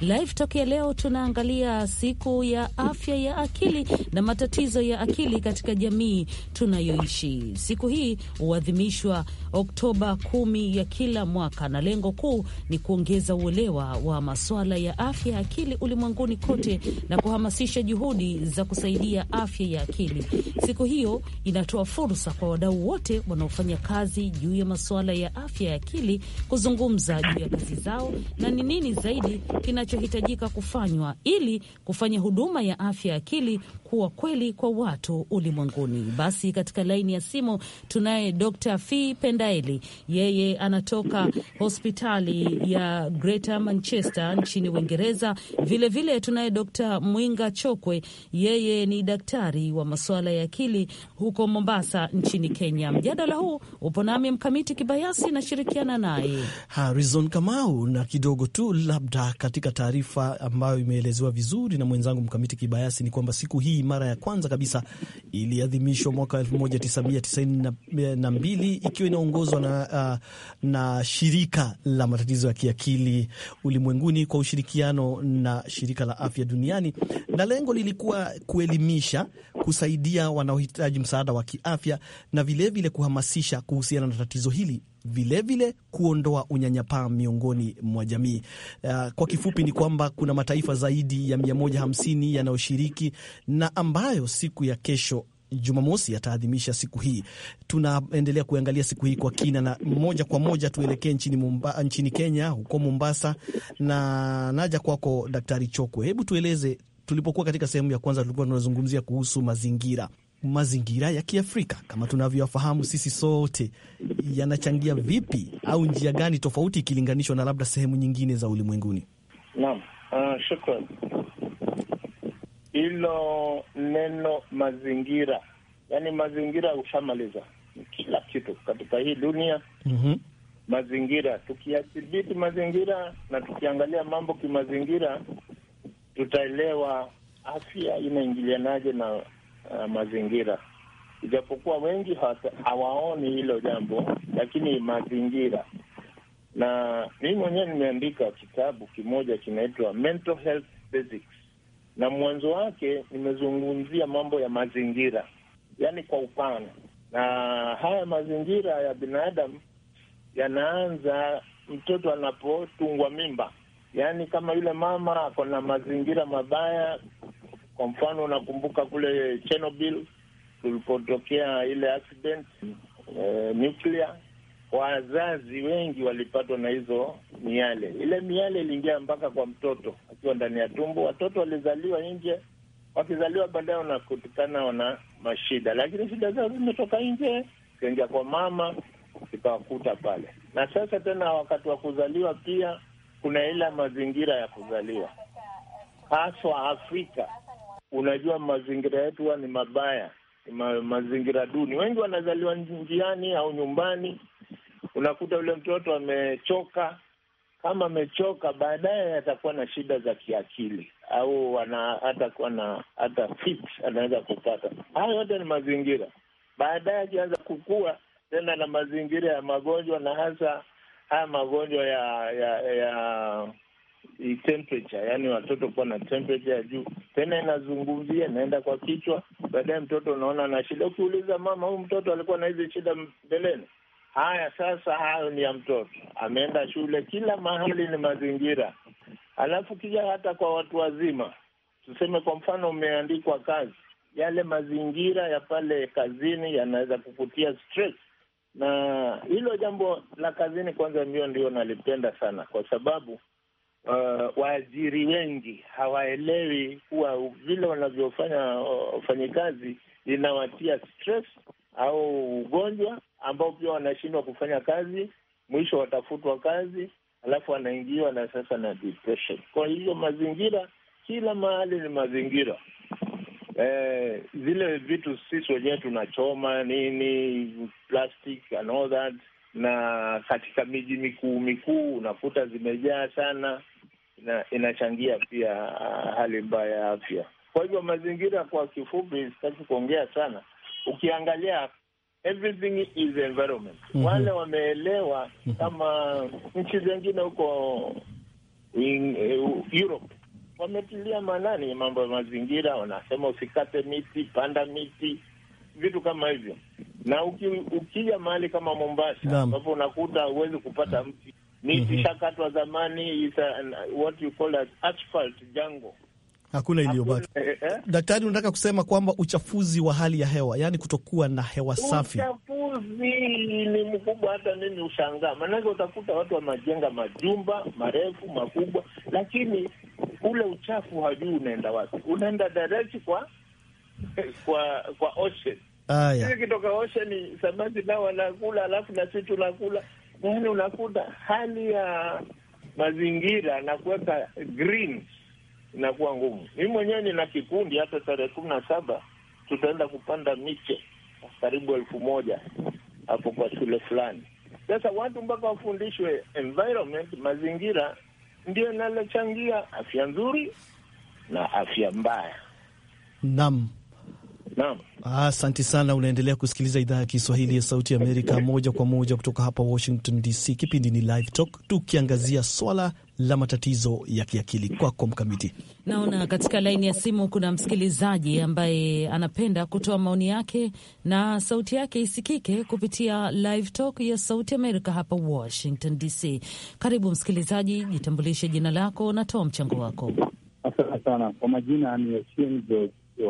Live Talk ya leo tunaangalia siku ya afya ya akili na matatizo ya akili katika jamii tunayoishi. Siku hii huadhimishwa Oktoba kumi ya kila mwaka, na lengo kuu ni kuongeza uelewa wa maswala ya afya ya akili ulimwenguni kote na kuhamasisha juhudi za kusaidia afya ya akili. Siku hiyo inatoa fursa kwa wadau wote wanaofanya kazi juu ya masuala ya afya ya akili kuzungumza juu ya kazi zao na ni nini zaidi kinachohitajika kufanywa ili kufanya huduma ya afya ya akili kuwa kweli kwa watu ulimwenguni. Basi katika laini ya simu tunaye Dr. Fi Pendaeli, yeye anatoka hospitali ya Greater Manchester nchini Uingereza Kiingereza. Vilevile tunaye Dr. Mwinga Chokwe, yeye ni daktari wa masuala ya akili huko Mombasa nchini Kenya. Mjadala huu upo nami Mkamiti Kibayasi, nashirikiana naye Harizon Kamau na kidogo tu labda katika taarifa ambayo imeelezewa vizuri na mwenzangu Mkamiti Kibayasi ni kwamba siku hii mara ya kwanza kabisa iliadhimishwa mwaka 1992 ikiwa inaongozwa na, uh, na shirika la matatizo ya kiakili ulimwenguni kwa ushirikiano ushirikiano na shirika la afya duniani, na lengo lilikuwa kuelimisha, kusaidia wanaohitaji msaada wa kiafya na vilevile vile kuhamasisha kuhusiana na tatizo hili vilevile vile kuondoa unyanyapaa miongoni mwa jamii. Uh, kwa kifupi ni kwamba kuna mataifa zaidi ya 150 yanayoshiriki na ambayo siku ya kesho Jumamosi ataadhimisha siku hii. Tunaendelea kuangalia siku hii kwa kina, na moja kwa moja tuelekee nchini, nchini Kenya, huko Mombasa, na naja kwako Daktari Chokwe, hebu tueleze, tulipokuwa katika sehemu ya kwanza tulikuwa tunazungumzia kuhusu mazingira mazingira ya Kiafrika kama tunavyoyafahamu sisi sote, yanachangia vipi au njia gani tofauti ikilinganishwa na labda sehemu nyingine za ulimwenguni? Naam, uh, shukran hilo neno mazingira, yaani mazingira ushamaliza kila kitu katika hii dunia mm -hmm. Mazingira tukiyadhibiti mazingira na tukiangalia mambo kimazingira, tutaelewa afya inaingilianaje na uh, mazingira. Ijapokuwa wengi hawaoni hilo jambo, lakini mazingira, na mimi mwenyewe nimeandika kitabu kimoja kinaitwa Mental Health Basics na mwanzo wake nimezungumzia mambo ya mazingira, yaani kwa upana, na haya mazingira ya binadamu yanaanza mtoto anapotungwa mimba, yaani kama yule mama ako na mazingira mabaya. Kwa mfano, unakumbuka kule Chernobyl kulipotokea ile accident eh, nuclear wazazi wengi walipatwa na hizo miale. Ile miale iliingia mpaka kwa mtoto akiwa ndani ya tumbo. Watoto walizaliwa nje, wakizaliwa baadaye wanakutikana wana mashida, lakini shida zao zimetoka nje, zikaingia kwa mama, zikawakuta pale. Na sasa tena wakati wa kuzaliwa pia kuna ila mazingira ya kuzaliwa, haswa Afrika. Unajua mazingira yetu huwa ni mabaya, ni ma mazingira duni. Wengi wanazaliwa njiani au nyumbani unakuta yule mtoto amechoka. Kama amechoka, baadaye atakuwa na shida za kiakili au hatakuwa na hata fit anaweza kupata. Haya yote ni mazingira. Baadaye akianza kukua tena na mazingira ya magonjwa, na hasa haya magonjwa ya ya ya temperature, yaani watoto kuwa na temperature ya juu, tena inazungumzia inaenda kwa kichwa, baadaye mtoto unaona ana shida. Ukiuliza mama, huyu mtoto alikuwa na hizi shida mbeleni? Haya, sasa hayo ni ya mtoto, ameenda shule, kila mahali ni mazingira. Alafu kija hata kwa watu wazima, tuseme kwa mfano umeandikwa kazi, yale mazingira ya pale kazini yanaweza kukutia stress. Na hilo jambo la kazini, kwanza ndio ndio nalipenda sana, kwa sababu uh, waajiri wengi hawaelewi kuwa vile wanavyofanya uh, wafanyikazi inawatia stress au ugonjwa ambao pia wanashindwa kufanya kazi, mwisho watafutwa kazi, alafu wanaingiwa na sasa na depression. Kwa hiyo mazingira, kila mahali ni mazingira. Eh, zile vitu sisi wenyewe tunachoma nini, plastic and all that, na katika miji mikuu mikuu unakuta zimejaa sana, na inachangia pia hali mbaya ya afya. Kwa hivyo mazingira, kwa kifupi, sitaki kuongea sana, ukiangalia everything is environment. Mm -hmm. Wale wameelewa kama nchi zingine huko uh, Europe wametilia maanani mambo ya mazingira, wanasema usikate miti, panda miti, vitu kama hivyo. Na ukija mahali kama Mombasa ambapo unakuta huwezi kupata mti, miti mm -hmm. zamani, what you call as asphalt jungle hakuna iliyobaki. Eh, eh, eh. Daktari, unataka kusema kwamba uchafuzi wa hali ya hewa, yaani kutokuwa na hewa safi, uchafuzi ni mkubwa, hata nini ushangaa. Maanake utakuta watu wanajenga majumba marefu makubwa, lakini ule uchafu hajui unaenda wapi, unaenda direct kwa kwa kwa ocean. Haya, kitoka ocean samaki nao wanakula, alafu na sisi tunakula, yaani unakuta hali ya mazingira na kuweka inakuwa ngumu. Mi mwenyewe nina kikundi, hata tarehe kumi na saba tutaenda kupanda miche karibu elfu moja hapo kwa shule fulani. Sasa watu mpaka wafundishwe environment, mazingira ndio inalochangia afya nzuri na afya mbaya. Naam. Asante ah, sana. Unaendelea kusikiliza idhaa ya Kiswahili ya Sauti Amerika moja kwa moja kutoka hapa Washington DC. Kipindi ni Live Talk tukiangazia swala la matatizo ya kiakili kwako, Mkamiti? Naona katika laini ya simu kuna msikilizaji ambaye anapenda kutoa maoni yake na sauti yake isikike kupitia live talk ya Sauti Amerika hapa Washington DC. Karibu msikilizaji, jitambulishe jina lako na toa mchango wako. Asante sana kwa majina ni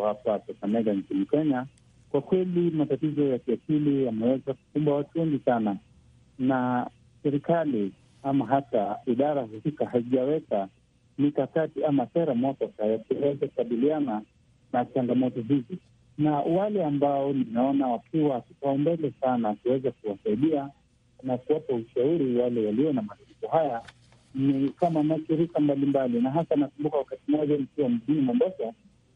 hapa Kakamega nchini Kenya. Kwa kweli matatizo ya kiakili yameweza kukumba watu wengi sana, na serikali ama hata idara husika haijaweka mikakati ama sera mwafaka ya kuweza kukabiliana na changamoto hizi, na wale ambao ninaona wakiwa kipaumbele sana kuweza kuwasaidia na kuwapa ushauri wale walio na matatizo haya ni kama mashirika mbalimbali, na hasa nakumbuka wakati mmoja nikiwa mjini Mombasa,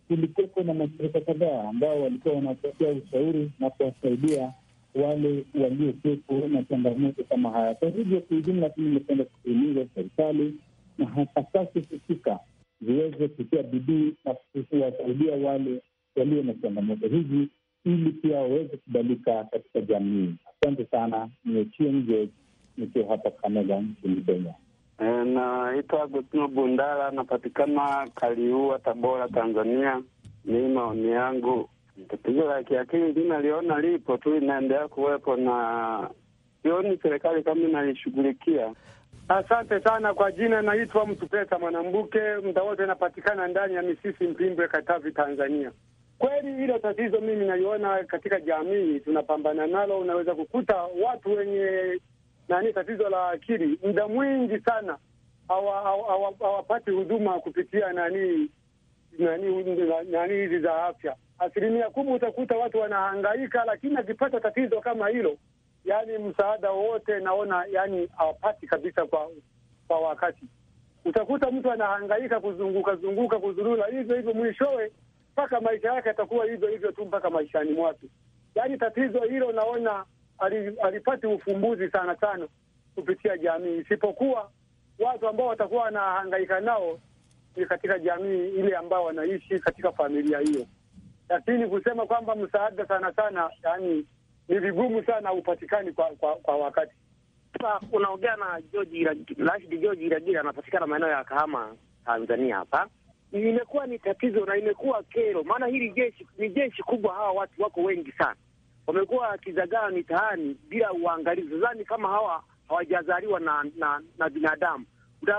kulikuwa na mashirika kadhaa ambao walikuwa wanapatia ushauri na kuwasaidia wale waliokuwepo na changamoto kama haya. Kwa hivyo kwa ujumla, tu nimependa kuhimiza serikali na hasa taasisi husika ziweze kutia bidii na kuwasaidia wale walio na changamoto hizi ili pia waweze kubalika katika jamii. Asante sana, niwechie nje nikiwa hapa Kakamega nchini Kenya. E, naitwa Agostino Bundala, napatikana Kaliua, Tabora, Tanzania. ni maoni yangu Tatizo la kiakili naliona lipo tu, linaendelea kuwepo na sioni serikali kama inalishughulikia. Asante sana kwa jina, naitwa Mtupesa Mwanambuke, mda wote inapatikana ndani ya Misisi, Mpimbwe, Katavi, Tanzania. Kweli hilo tatizo mimi naliona katika jamii tunapambana nalo. Unaweza kukuta watu wenye nani tatizo la akili mda mwingi sana hawapati huduma kupitia nani nani nani hizi za afya asilimia kubwa utakuta watu wanahangaika, lakini akipata tatizo kama hilo, yani msaada wowote naona yani hawapati kabisa kwa, kwa wakati. Utakuta mtu anahangaika kuzunguka zunguka hivyo hivyo, mwishowe mpaka maisha yake atakuwa hivyo hivyo tu mpaka maishani mwake. Yani tatizo hilo naona alipati ufumbuzi sana sana kupitia jamii, isipokuwa watu ambao watakuwa wanahangaika nao ni katika jamii ile ambao wanaishi katika familia hiyo lakini kusema kwamba msaada sana sana, yani ni vigumu sana upatikani kwa, kwa, kwa wakati sasa. Unaongea na George Rashid George Iragira, anapatikana maeneo ya Kahama, Tanzania. Hapa imekuwa ni tatizo na imekuwa kero, maana hili jeshi ni jeshi kubwa. Hawa watu wako wengi sana, wamekuwa wakizagaa mitaani bila uangalizi. Zani kama hawa hawajazaliwa na na, na binadamu,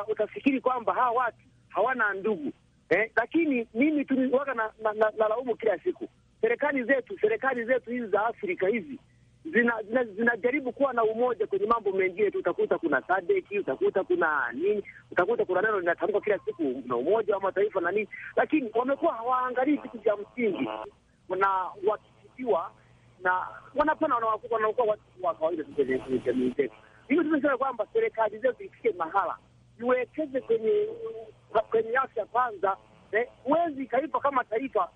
utafikiri kwamba hawa watu hawana ndugu eh, lakini mimi tuliwaga na, na, na, na laumu kila siku serikali zetu serikali zetu hizi za Afrika hizi zinajaribu zina, zina kuwa na umoja kwenye mambo mengine tu. Utakuta kuna sadeki, utakuta kuna nini, utakuta kuna neno linatamkwa kila siku na Umoja wa Mataifa na nini, lakini wamekuwa hawaangalii vitu vya msingi na wakisifiwa na wanapana wanakuwa watu wa kawaida kwenye jamii zetu. Hivyo tumesema kwamba serikali zetu ifike mahala iwekeze kwenye uh, kwenye afya kwanza. Eh, huwezi eh, taifa kama taifa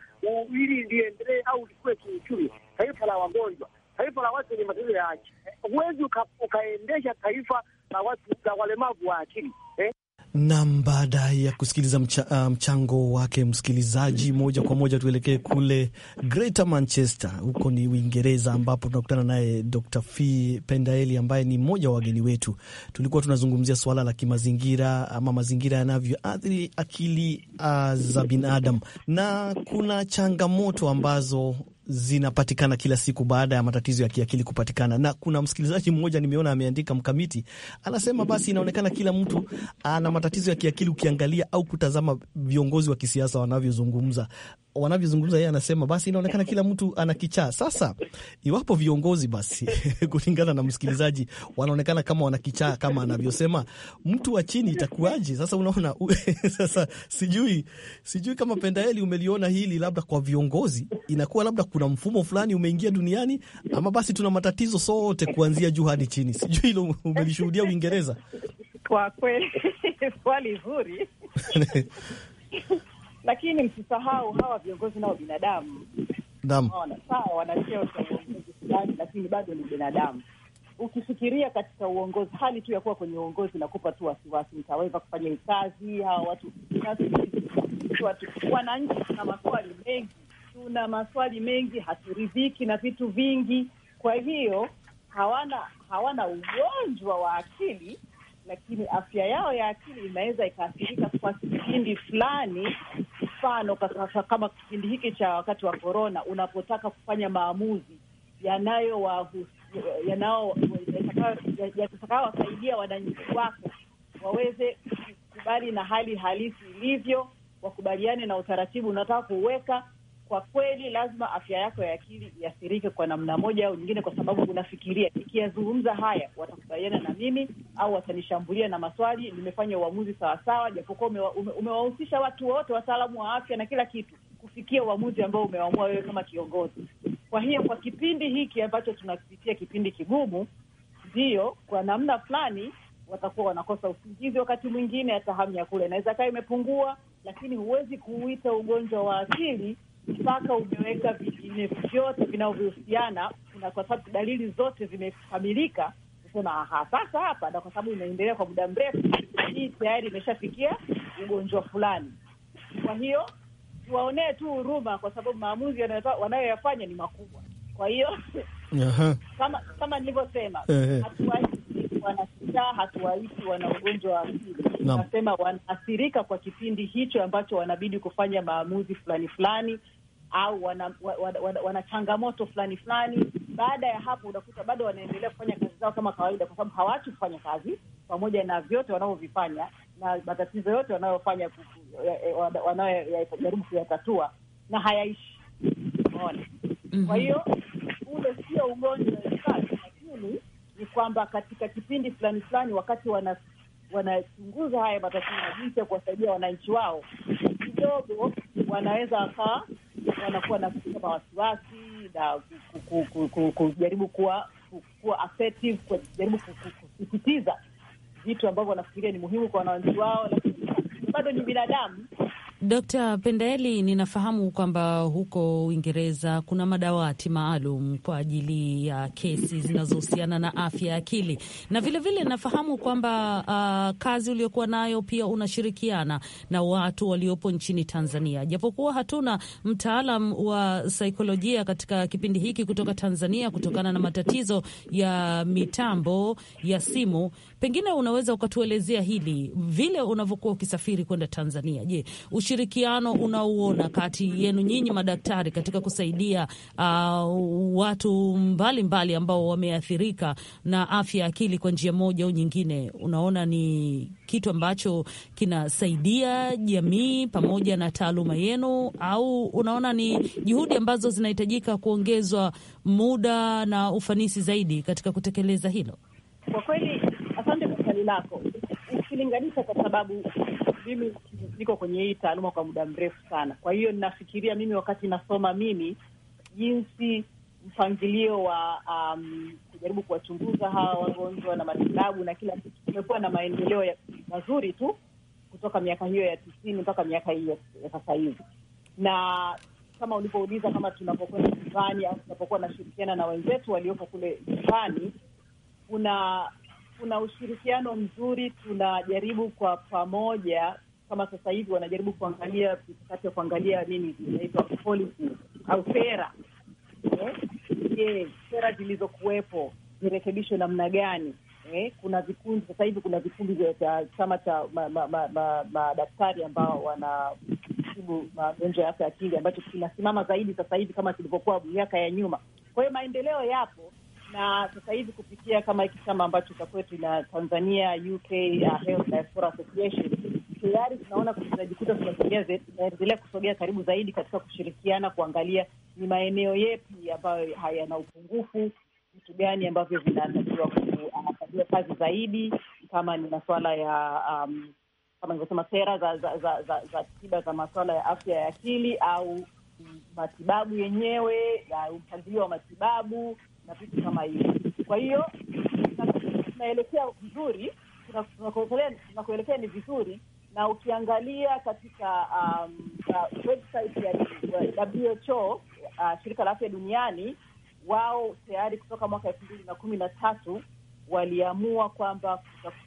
ili liendelee au likuwe kiuchumi, taifa la wagonjwa, taifa la watu wenye matatizo ya akili, eh, huwezi ukaendesha taifa la watu la walemavu wa akili eh. Nam, baada ya kusikiliza mcha, uh, mchango wake msikilizaji, moja kwa moja tuelekee kule Greater Manchester, huko ni Uingereza, ambapo tunakutana naye Dr. Fee Pendaeli ambaye ni mmoja wa wageni wetu. Tulikuwa tunazungumzia suala la kimazingira ama mazingira yanavyoathiri akili uh, za binadamu, na kuna changamoto ambazo zinapatikana kila siku baada ya matatizo ya kiakili kupatikana. Na kuna msikilizaji mmoja nimeona ameandika mkamiti, anasema basi inaonekana kila mtu ana matatizo ya kiakili ukiangalia au kutazama viongozi wa kisiasa wanavyozungumza wanavyozungumza yeye anasema, basi inaonekana kila mtu ana kichaa. Sasa iwapo viongozi basi kulingana na msikilizaji wanaonekana kama wana kichaa kama anavyosema mtu wa chini, itakuwaje? Sasa unaona sasa, sijui sijui kama Pendaeli umeliona hili, labda kwa viongozi inakuwa labda kuna mfumo fulani umeingia duniani, ama basi tuna matatizo sote kuanzia juu hadi chini. Sijui hilo umelishuhudia Uingereza? Kwa kweli swali zuri lakini msisahau hawa viongozi nao binadamu. Naam, sawa, wanacheo cha uongozi fulani, lakini bado ni binadamu. Ukifikiria katika uongozi, hali tu ya kuwa kwenye uongozi nakupa tu wasiwasi, nitaweza kufanya hii kazi? Hawa watu wananchi, tuna maswali mengi, tuna maswali mengi, haturidhiki na vitu vingi. Kwa hiyo hawana hawana ugonjwa wa akili lakini afya yao ya akili inaweza ikaathirika kwa kipindi fulani. Mfano kama kipindi hiki cha wakati wa korona, unapotaka kufanya maamuzi yatakayowasaidia wananchi wako waweze kukubali na hali halisi ilivyo, wakubaliane na utaratibu unaotaka kuuweka kwa kweli lazima afya yako ya akili iathirike kwa namna moja au nyingine, kwa sababu unafikiria, ikiyazungumza haya watakubaliana na mimi au watanishambulia na maswali, nimefanya uamuzi sawasawa, japokuwa umewa, ume, umewahusisha watu wote, wataalamu wa afya na kila kitu, kufikia uamuzi ambao umeamua wewe kama kiongozi. Kwa hiyo kwa kipindi hiki ambacho tunapitia, kipindi kigumu, ndiyo kwa namna fulani watakuwa wanakosa usingizi, wakati mwingine hata hamu ya kula inaweza kaa imepungua, lakini huwezi kuuita ugonjwa wa akili mpaka umeweka vingine vyote vinavyohusiana, na kwa sababu dalili zote zimekamilika, kusema aha, sasa hapa, na kwa sababu inaendelea kwa muda mrefu, hii tayari imeshafikia ugonjwa fulani. Kwa hiyo tuwaonee tu huruma, kwa sababu maamuzi wanayoyafanya ni makubwa. Kwa hiyo kama kama nilivyosema, hatuwaiti wanasichaa, hatuwaiti wana ugonjwa wa akili, nasema wanaathirika kwa kipindi hicho ambacho wanabidi kufanya maamuzi fulani fulani au wana, wana, wana, wana changamoto fulani fulani. Baada ya hapo, unakuta bado wanaendelea kufanya kazi zao kama kawaida, kwa sababu hawaachi kufanya kazi pamoja na vyote wanavyovifanya na matatizo yote wanayofanya wanayojaribu kuyatatua na hayaishi. Unaona, mhm. kwa hiyo ule sio ugonjwa ukali, lakini ni kwamba katika kipindi fulani fulani, wakati wana wanachunguza haya matatizo na jinsi ya kuwasaidia wananchi wao, kidogo wanaweza wakawa wanakuwa na wasiwasi na kujaribu kuwa kuwa assertive, kujaribu kusisitiza vitu ambavyo wanafikiria ni muhimu kwa wananchi wao, lakini bado ni binadamu dokta Pendeli, ninafahamu kwamba huko Uingereza kuna madawati maalum kwa ajili ya uh, kesi zinazohusiana na afya ya akili, na vilevile vile nafahamu kwamba uh, kazi uliokuwa nayo pia unashirikiana na watu waliopo nchini Tanzania. Japokuwa hatuna mtaalam wa saikolojia katika kipindi hiki kutoka Tanzania kutokana na matatizo ya mitambo ya simu, pengine unaweza ukatuelezea hili vile unavyokuwa ukisafiri kwenda Tanzania. Je, ushirikiano unaouona kati yenu nyinyi madaktari katika kusaidia uh, watu mbalimbali mbali ambao wameathirika na afya ya akili kwa njia moja au nyingine, unaona ni kitu ambacho kinasaidia jamii pamoja na taaluma yenu, au unaona ni juhudi ambazo zinahitajika kuongezwa muda na ufanisi zaidi katika kutekeleza hilo? Kwa kweli, asante kwa swali lako, ukilinganisha kwa sababu mimi niko kwenye hii taaluma kwa muda mrefu sana, kwa hiyo ninafikiria mimi wakati nasoma mimi jinsi mpangilio wa um, kujaribu kuwachunguza hawa wagonjwa na matibabu na kila kitu. Kumekuwa na maendeleo mazuri tu kutoka miaka hiyo ya tisini mpaka miaka hiyo ya sasa hivi, na kama ulivyouliza, kama tunapokwenda nyumbani au tunapokuwa nashirikiana na wenzetu walioko kule nyumbani, kuna kuna ushirikiano mzuri, tunajaribu kwa pamoja kama sasa hivi wanajaribu kuangalia mikakati ya kuangalia nini inaitwa policy au sera. Yeah. sera zilizokuwepo zirekebishwe namna gani? Eh, kuna vikundi sasa hivi, kuna vikundi vya chama cha madaktari ambao wanatibu magonjwa ya afya akili ambacho kinasimama zaidi sasa hivi kama kilivyokuwa miaka ya nyuma. Kwa hiyo maendeleo yapo, na sasa hivi kupitia kama hiki chama ambacho cha kwetu na Tanzania UK uh, Health Diaspora Association tayari tunaona tunajikuta tunaendelea kusogea karibu zaidi katika kushirikiana kuangalia ni maeneo yepi ambayo hayana upungufu, vitu gani ambavyo vinatakiwa kufanyiwa kazi zaidi, kama ni masuala ya um, kama nilivyosema sera za za za, za, za tiba za masuala ya afya ya akili au matibabu yenyewe, mpangilio wa matibabu na vitu kama hivyo. Kwa hiyo tunaelekea vizuri, tunakuelekea ni vizuri, na ukiangalia katika um, uh, website ya WHO uh, shirika la afya duniani, wao tayari kutoka mwaka elfu mbili na kumi na tatu waliamua kwamba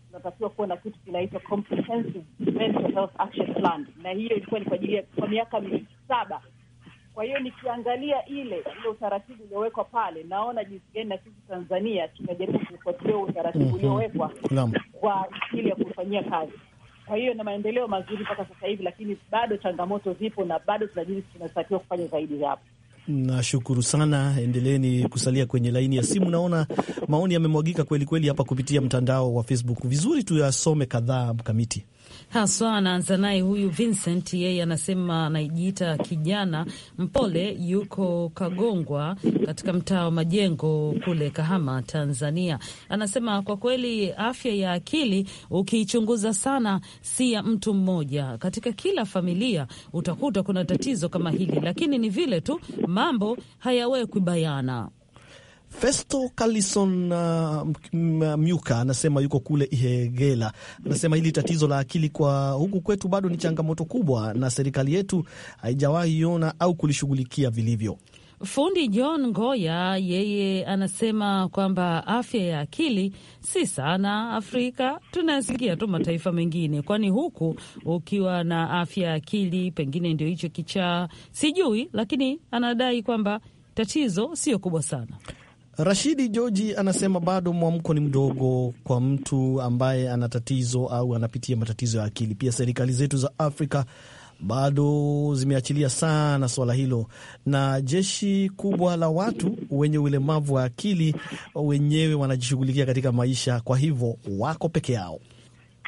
tunatakiwa kuwa na kitu kinaitwa comprehensive mental health action plan, na hiyo ilikuwa ni kwa ajili ya kwa miaka saba kwa hiyo nikiangalia ile ile utaratibu uliowekwa pale, naona jinsi gani na sisi Tanzania tunajaribu kufuatilia utaratibu mhm. uliowekwa kwa ajili ya kufanyia kazi. Kwa hiyo na maendeleo mazuri mpaka sasa hivi, lakini bado changamoto zipo na bado tunajiri, tunatakiwa kufanya zaidi hapo. Nashukuru sana, endeleeni kusalia kwenye laini ya simu. Naona maoni yamemwagika kwelikweli hapa kupitia mtandao wa Facebook. Vizuri tuyasome kadhaa, Mkamiti haswa. Anaanza naye huyu Vincent, yeye anasema anajiita kijana mpole, yuko Kagongwa katika mtaa wa Majengo kule Kahama, Tanzania. Anasema kwa kweli afya ya akili ukiichunguza sana, si ya mtu mmoja. Katika kila familia utakuta kuna tatizo kama hili, lakini ni vile tu mambo hayawekwi bayana. Festo Kalison uh, uh, Myuka anasema yuko kule Ihegela, anasema hili tatizo la akili kwa huku kwetu bado ni changamoto kubwa, na serikali yetu haijawahi iona au kulishughulikia vilivyo. Fundi John Ngoya yeye anasema kwamba afya ya akili si sana Afrika, tunasikia tu mataifa mengine, kwani huku ukiwa na afya ya akili pengine ndio hicho kichaa, sijui. Lakini anadai kwamba tatizo sio kubwa sana. Rashidi Joji anasema bado mwamko ni mdogo kwa mtu ambaye ana tatizo au anapitia matatizo ya akili. Pia serikali zetu za Afrika bado zimeachilia sana swala hilo, na jeshi kubwa la watu wenye ulemavu wa akili wenyewe wanajishughulikia katika maisha, kwa hivyo wako peke yao.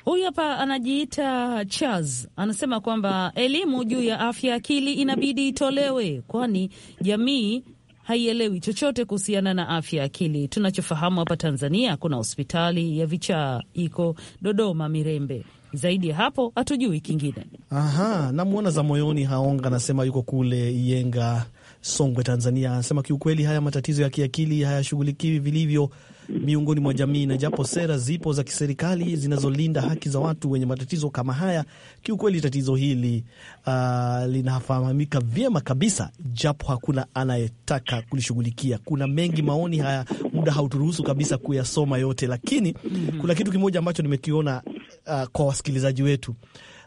Huyu hapa anajiita Chaz, anasema kwamba elimu juu ya afya akili inabidi itolewe, kwani jamii haielewi chochote kuhusiana na afya ya akili. Tunachofahamu hapa Tanzania kuna hospitali ya vichaa iko Dodoma Mirembe, zaidi ya hapo hatujui kingine. Aha, namwona za moyoni Haonga anasema yuko kule Iyenga, Songwe, Tanzania. Anasema kiukweli haya matatizo ya kiakili hayashughulikiwi vilivyo miongoni mwa jamii, na japo sera zipo za kiserikali zinazolinda haki za watu wenye matatizo kama haya, kiukweli tatizo hili uh, linafahamika vyema kabisa, japo hakuna anayetaka kulishughulikia. Kuna mengi maoni haya, muda hauturuhusu kabisa kuyasoma yote, lakini kuna kitu kimoja ambacho nimekiona uh, kwa wasikilizaji wetu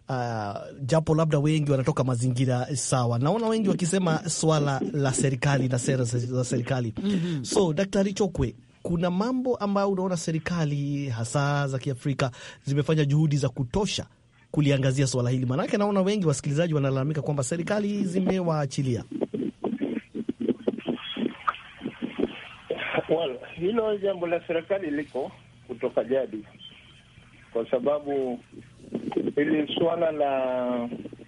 Uh, japo labda wengi wanatoka mazingira sawa, naona wengi wakisema swala la serikali na sera za serikali. mm -hmm. So Daktari Chokwe, kuna mambo ambayo unaona serikali hasa za Kiafrika zimefanya juhudi za kutosha kuliangazia swala hili? Maanake naona wengi wasikilizaji wanalalamika kwamba serikali zimewaachilia. Well, hilo jambo la serikali liko kutoka jadi, kwa sababu hili suala la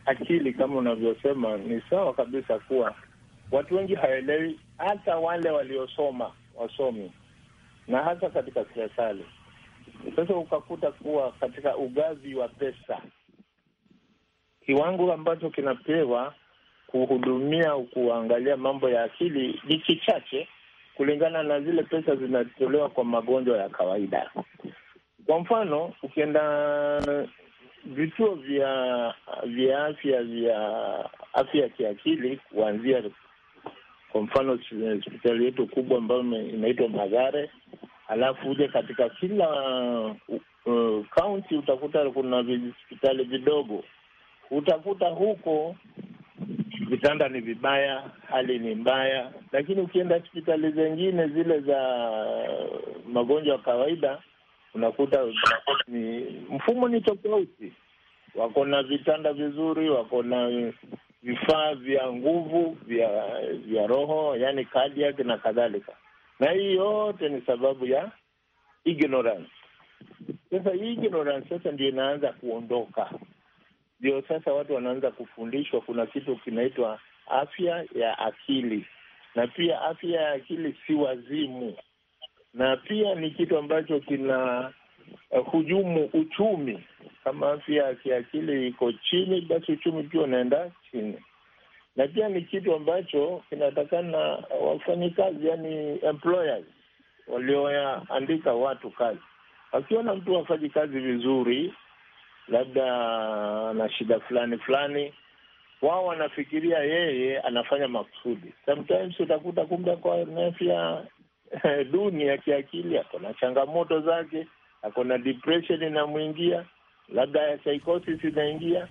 akili kama unavyosema ni sawa kabisa, kuwa watu wengi hawaelewi, hata wale waliosoma wasomi na hasa katika serikali. Sasa ukakuta kuwa katika ugavi wa pesa, kiwango ambacho kinapewa kuhudumia au kuangalia mambo ya akili ni kichache kulingana na zile pesa zinatolewa kwa magonjwa ya kawaida. Kwa mfano, ukienda vituo vya vya afya vya afya ya kiakili kuanzia kwa mfano hospitali yetu kubwa ambayo inaitwa magare alafu uje katika kila kaunti uh, uh utakuta kuna vihospitali vidogo, utakuta huko vitanda ni vibaya, hali ni mbaya, lakini ukienda hospitali zengine zile za magonjwa ya kawaida unakuta ni mfumo ni tofauti, wako na vitanda vizuri, wako na vifaa vya nguvu vya vya roho, yani cardiac na kadhalika, na hii yote ni sababu ya ignorance. Sasa hii ignorance sasa ndio inaanza kuondoka, ndio sasa watu wanaanza kufundishwa. Kuna kitu kinaitwa afya ya akili, na pia afya ya akili si wazimu, na pia ni kitu ambacho kina uh, hujumu uchumi kama afya ya kiakili iko chini, basi uchumi pia unaenda chini, na pia ni kitu ambacho kinatakana wafanyikazi, yani employers walioandika watu kazi, wakiona mtu hafanyi kazi vizuri, labda ana shida fulani fulani wao wanafikiria yeye anafanya makusudi. Sometimes utakuta kumbe kwa afya duni ya kiakili, ako na changamoto zake, ako na depression inamwingia labda psychosis inaingia,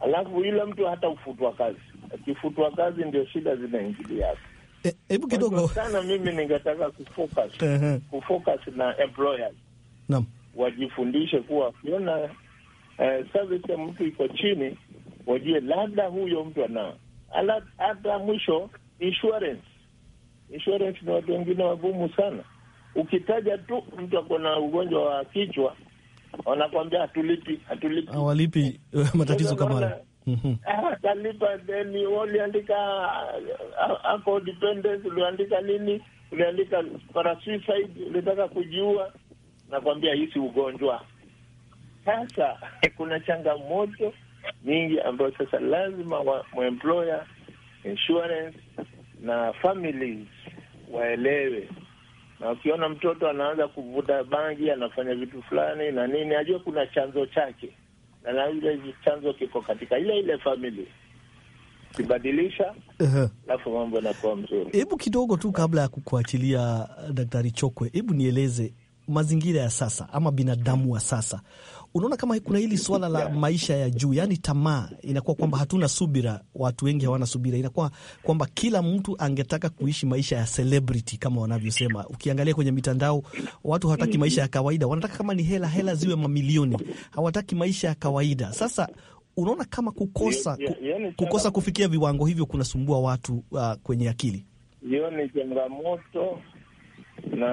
alafu yule mtu hata ufutwa kazi. Akifutwa kazi, ndio shida zinaingilia hapo. Eh, hebu e, kidogo sana mimi ningetaka kufocus uh -huh. kufocus na employers naam, wajifundishe kuwa kiona eh, service ya mtu iko chini, wajue labda huyo mtu ana hata mwisho insurance. Insurance ni watu wengine wagumu sana, ukitaja tu mtu ako na ugonjwa wa kichwa wanakwambia hatulipi, hatulipi, hawalipi ah, eh, matatizo kama hayo mhm. ah, atalipa deni. Uliandika ah, ako dependence, uliandika nini? Uliandika para suicide, ulitaka kujiua. Nakwambia hii si ugonjwa. Sasa kuna changamoto nyingi ambayo sasa lazima wa, insurance na families waelewe na ukiona mtoto anaanza kuvuta bangi, anafanya vitu fulani na nini, ajue kuna chanzo chake, na ile chanzo kiko katika ile ile famili kibadilisha alafu mambo yanakuwa mzuri. Hebu kidogo tu kabla ya kukuachilia eh, Daktari Chokwe, hebu nieleze mazingira ya sasa ama binadamu wa sasa, unaona kama kuna hili swala la maisha ya juu, yaani tamaa, inakuwa kwamba hatuna subira, watu wengi hawana subira, inakuwa kwamba kila mtu angetaka kuishi maisha ya celebrity kama wanavyosema. Ukiangalia kwenye mitandao, watu hawataki maisha ya kawaida, wanataka kama ni hela hela ziwe mamilioni, hawataki maisha ya kawaida. Sasa unaona kama kukosa kukosa kufikia viwango hivyo kunasumbua watu uh, kwenye akili hiyo ni changamoto na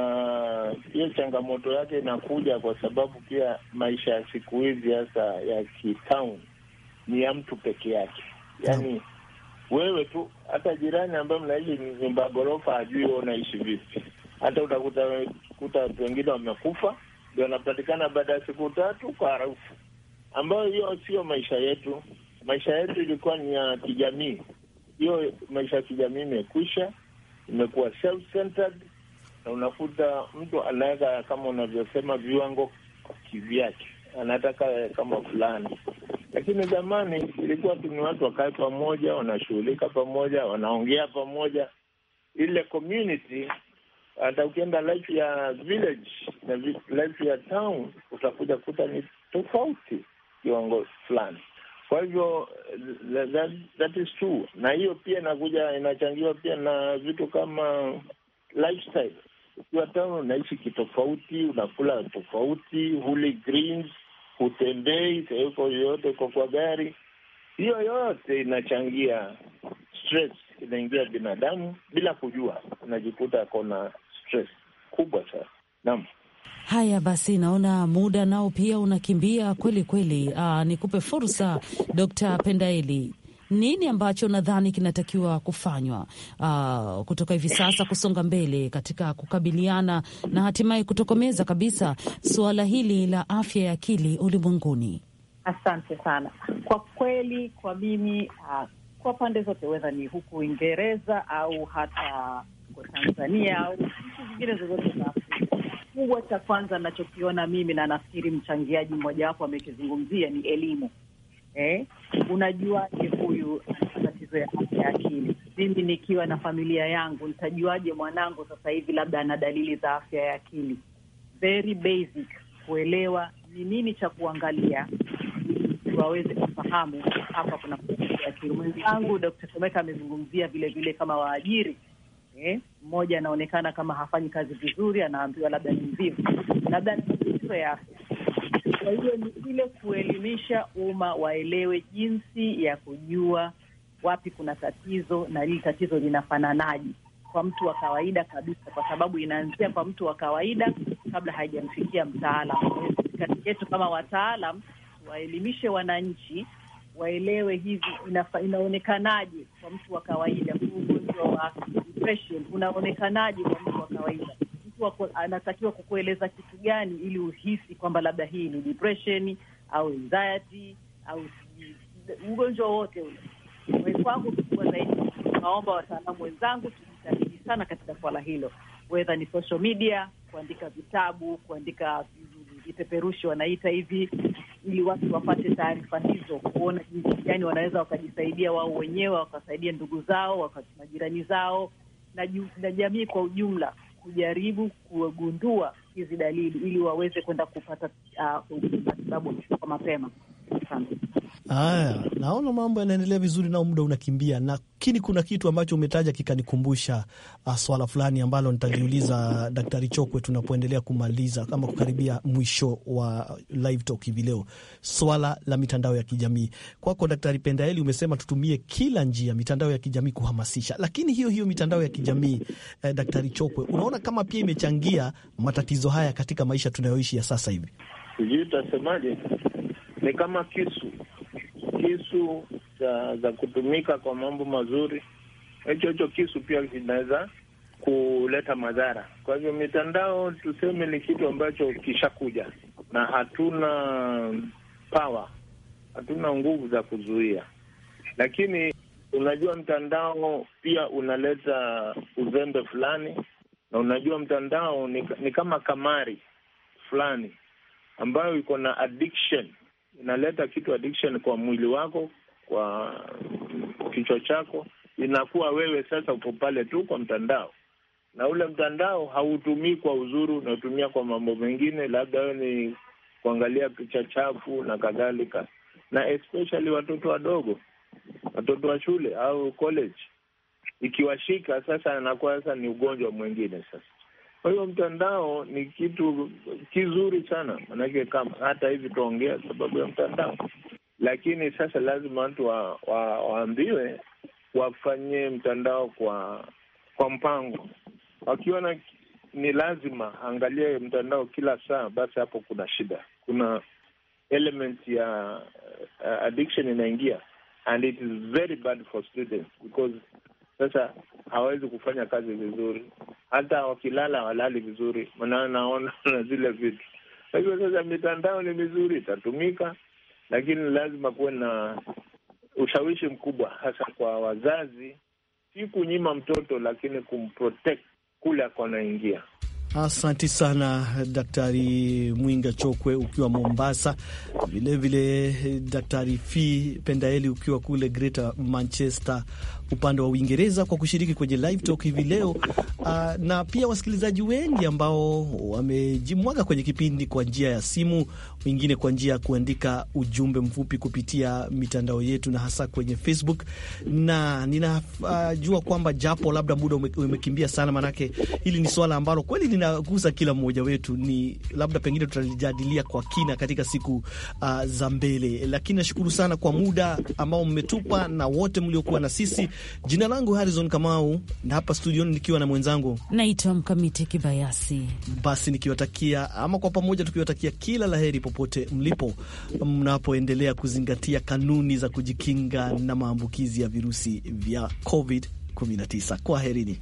hiyo changamoto yake inakuja kwa sababu pia maisha ya siku hizi hasa ya kitown ni ya mtu peke yake, yaani yeah. Wewe tu, hata jirani ambaye mnaishi nyumba ghorofa hajui wewe unaishi vipi. Hata utakuta kuta watu wengine wamekufa, ndio wanapatikana baada ya siku tatu kwa harufu, ambayo hiyo sio maisha yetu. Maisha yetu ilikuwa ni ya kijamii. Hiyo maisha ya kijamii imekwisha, imekuwa self-centered na unakuta mtu anaweza kama unavyosema viwango kivyake, anataka kama fulani, lakini zamani ilikuwa tu ni watu wakae pamoja, wanashughulika pamoja, wanaongea pamoja, ile community hata ukienda life ya village na life ya town utakuja kuta ni tofauti kiwango fulani. Kwa hivyo that, that is true, na hiyo pia inakuja inachangiwa pia na vitu kama lifestyle ukiwa town unaishi kitofauti, unakula tofauti, huli greens, hutembei sehemu yoyote, ko kwa gari. Hiyo yote inachangia stress, inaingia binadamu bila kujua, unajikuta kona stress kubwa sana. Naam. Haya basi, naona muda nao pia unakimbia kweli kweli. Aa, ah, nikupe fursa Dkt. Pendaeli nini ambacho nadhani kinatakiwa kufanywa uh, kutoka hivi sasa kusonga mbele katika kukabiliana na hatimaye kutokomeza kabisa suala hili la afya ya akili ulimwenguni? Asante sana kwa kweli, kwa mimi uh, kwa pande zote, wedha ni huku Uingereza au hata Tanzania au nchi zingine zozote za Afrika, kubwa cha kwanza nachokiona mimi na nafikiri mchangiaji mmojawapo amekizungumzia ni elimu eh, unajuaje huyu tatizo ya afya ya akili? Mimi nikiwa na familia yangu nitajuaje mwanangu sasa hivi labda ana dalili za afya ya akili? Very basic, kuelewa ni nini cha kuangalia waweze kufahamu hapa kuna akili. Mwenzangu Dkt. Tomeka amezungumzia vilevile kama waajiri eh, mmoja, anaonekana kama hafanyi kazi vizuri, anaambiwa labda ni mvivu, labda ni matatizo ya afya kwa hiyo ni ile kuelimisha umma waelewe jinsi ya kujua wapi kuna tatizo na lili tatizo linafananaje kwa mtu wa kawaida kabisa, kwa sababu inaanzia kwa mtu wa kawaida kabla haijamfikia mtaalam. Kati yetu kama wataalam waelimishe wananchi waelewe hivi inaonekanaje kwa mtu wa kawaida, huu ugonjwa wa depression unaonekanaje kwa mtu wa kawaida anatakiwa anatakiwa kukueleza kitu gani ili uhisi kwamba labda hii ni depression au anxiety au ugonjwa wote ule. Uwezo wangu zaidi, naomba wataalamu wenzangu tujitahidi sana katika swala hilo, wedha ni social media, kuandika vitabu, kuandika vipeperushi wanaita hivi, ili watu wapate taarifa hizo, kuona jinsi gani wanaweza wakajisaidia wao wenyewe, wakasaidia ndugu zao, majirani zao na, na jamii kwa ujumla kujaribu kugundua hizi dalili ili waweze kwenda kupata uh, matibabu uh, kwa mapema. Asante. Haya, naona mambo yanaendelea vizuri, nao muda unakimbia, lakini kuna kitu ambacho umetaja kikanikumbusha ah, swala fulani ambalo nitaliuliza Daktari Chokwe tunapoendelea kumaliza kama kukaribia mwisho wa live talk hivi leo, swala la mitandao ya kijamii. Kwako Daktari Pendaeli, umesema tutumie kila njia mitandao ya kijamii kuhamasisha, lakini hiyo hiyo mitandao ya kijamii eh, Daktari Chokwe, unaona kama pia imechangia matatizo haya katika maisha tunayoishi ya sasa hivi? Sijui utasemaje, ni kama kisu kisu za, za kutumika kwa mambo mazuri, hicho hicho kisu pia kinaweza kuleta madhara. Kwa hivyo mitandao, tuseme ni kitu ambacho kishakuja na hatuna power, hatuna nguvu za kuzuia, lakini unajua mtandao pia unaleta uzembe fulani, na unajua mtandao ni, ni kama kamari fulani ambayo iko na addiction inaleta kitu addiction kwa mwili wako, kwa kichwa chako. Inakuwa wewe sasa upo pale tu kwa mtandao, na ule mtandao hautumii kwa uzuri, unatumia kwa mambo mengine, labda wewe ni kuangalia picha chafu na kadhalika, na especially watoto wadogo, watoto wa shule au college ikiwashika sasa, anakuwa sasa ni ugonjwa mwingine sasa kwa hiyo mtandao ni kitu kizuri sana, manake kama hata hivi tuongea sababu ya mtandao, lakini sasa lazima watu wa, wa, waambiwe wafanye mtandao kwa kwa mpango. Wakiona ni lazima angalie mtandao kila saa, basi hapo kuna shida, kuna element ya uh, addiction inaingia and it is very bad for students because sasa hawawezi kufanya kazi vizuri, hata wakilala walali vizuri, naona na zile vitu. Kwa hivyo sasa, mitandao ni mizuri, itatumika, lakini lazima kuwe na ushawishi mkubwa, hasa kwa wazazi, si kunyima mtoto, lakini kumprotect kule akonaingia. Asanti sana Daktari Mwinga Chokwe ukiwa Mombasa, vilevile Daktari Fi Pendaeli ukiwa kule Greater Manchester upande wa Uingereza kwa kushiriki kwenye live talk hivi leo uh, na pia wasikilizaji wengi ambao wamejimwaga kwenye kipindi kwa njia ya simu, wengine kwa njia ya kuandika ujumbe mfupi kupitia mitandao yetu na hasa kwenye Facebook. Na ninajua uh, kwamba japo labda muda umekimbia sana, maanake hili ni swala ambalo kweli lina inagusa kila mmoja wetu, ni labda pengine tutalijadilia kwa kina katika siku uh, za mbele. Lakini nashukuru sana kwa muda ambao mmetupa na wote mliokuwa na sisi. Jina langu Harrison Kamau, na hapa studioni nikiwa na mwenzangu naitwa Mkamiti Kibayasi. Basi nikiwatakia ama kwa pamoja tukiwatakia kila laheri popote mlipo, mnapoendelea kuzingatia kanuni za kujikinga na maambukizi ya virusi vya COVID 19. Kwa herini.